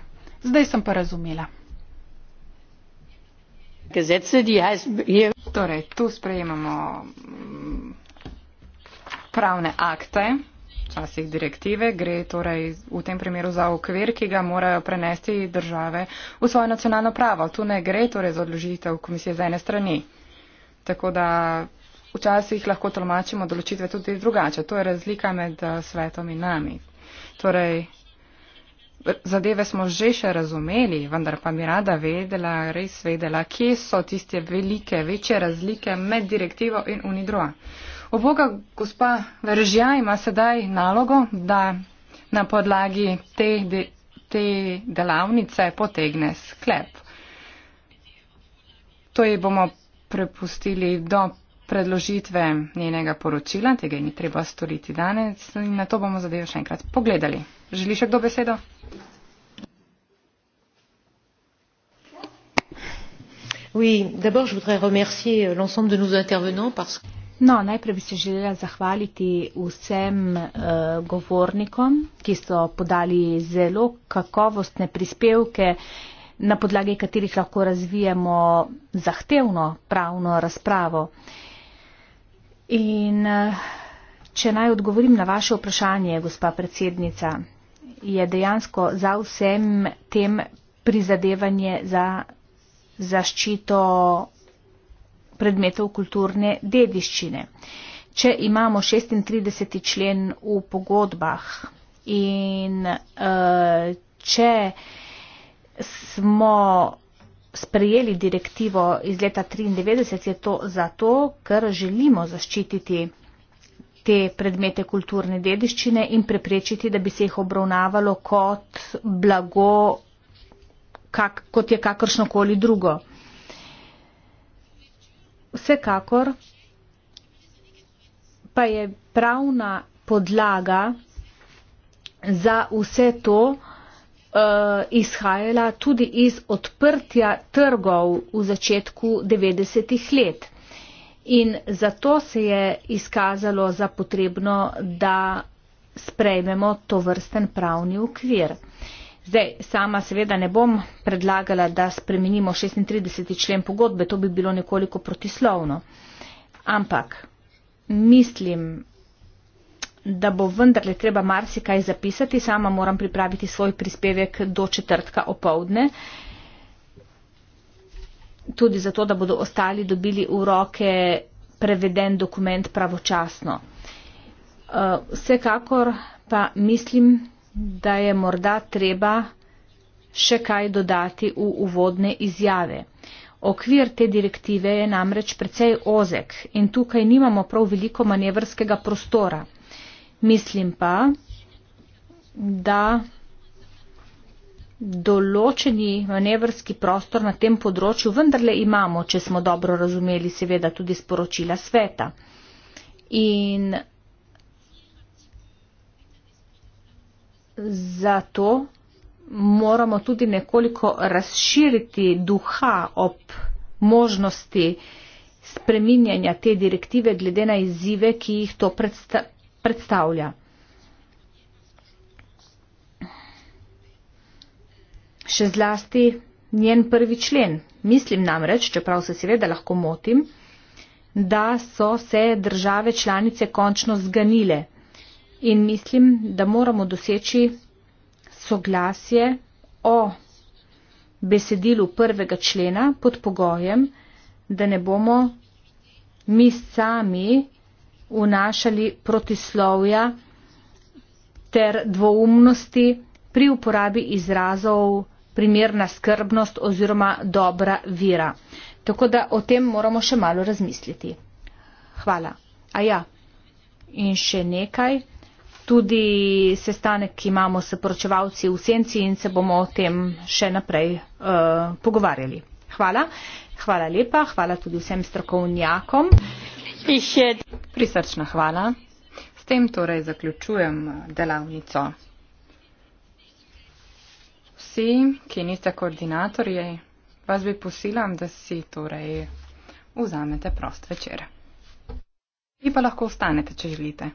zdaj sem pa razumela. Torej, tu sprejemamo mm, pravne akte, pasih direktive, gre torej v tem primeru za okvir, ki ga morajo prenesti države v svojo nacionalno pravo. Tu ne gre torej za odložitev komisije z ene strani. Tako da včasih lahko tolmačimo določitve tudi drugače. To je razlika med eh, svetom in nami. Torej, zadeve smo že še razumeli, vendar pa mi rada vedela, res vedela, kje so tiste velike, večje razlike med direktivo in unidroa. Oboga gospa Veržja ima sedaj nalogo, da na podlagi te, de, te delavnice potegne sklep. To ji bomo prepustili do predložitve njenega poročila, tega ni treba storiti danes in na to bomo zadevo še enkrat pogledali. Želi še kdo besedo? Oui, d'abord je voudrais remercier l'ensemble de nos intervenants parce que. No, najprej bi se želela zahvaliti vsem uh, govornikom, ki so podali zelo kakovostne prispevke, na podlagi katerih lahko razvijemo zahtevno pravno razpravo. In uh, če naj odgovorim na vaše vprašanje, gospa predsednica, je dejansko za vsem tem prizadevanje za zaščito predmetov kulturne dediščine. Če imamo 36. člen v pogodbah in uh, če smo sprejeli direktivo iz leta 1993, je to zato, ker želimo zaščititi te predmete kulturne dediščine in preprečiti, da bi se jih obravnavalo kot blago, kak, kot je kakršnokoli drugo. Vsekakor pa je pravna podlaga za vse to uh, izhajala tudi iz odprtja trgov v začetku 90-ih let. In zato se je izkazalo za potrebno, da sprejmemo to vrsten pravni ukvir. Uh, Zdaj, sama seveda ne bom predlagala, da spremenimo 36. člen pogodbe, to bi bilo nekoliko protislovno. Ampak mislim, da bo vendarle treba marsikaj zapisati, sama moram pripraviti svoj prispevek do četrtka opovdne. Tudi zato, da bodo ostali dobili v roke preveden dokument pravočasno. Uh, vsekakor pa mislim, da je morda treba še kaj dodati v uvodne izjave. Okvir te direktive je namreč precej ozek in tukaj nimamo prav veliko manevrskega prostora. Mislim pa, da določeni manevrski prostor na tem področju vendarle imamo, če smo dobro razumeli seveda tudi sporočila sveta. In zato moramo tudi nekoliko razširiti duha ob možnosti spreminjanja te direktive glede na izzive, ki jih to predsta predstavlja. Še zlasti njen prvi člen. Mislim namreč, čeprav se seveda lahko motim, da so se države članice končno zganile. In mislim, da moramo doseči soglasje o besedilu prvega člena pod pogojem, da ne bomo mi sami vnašali protislovja ter dvoumnosti pri uporabi izrazov primerna skrbnost oziroma dobra vira. Tako da o tem moramo še malo razmisliti. Hvala. A ja. In še nekaj tudi sestanek, ki imamo s poročevalci v senci in se bomo o tem še naprej uh, pogovarjali. Hvala. Hvala lepa. Hvala tudi vsem strokovnjakom. Eh, Prisrčna hvala. S tem torej zaključujem eh, delavnico. Vsi, ki niste koordinatorji, vas bi posilam, da si torej vzamete prost večer. Vi pa lahko ostanete, če želite.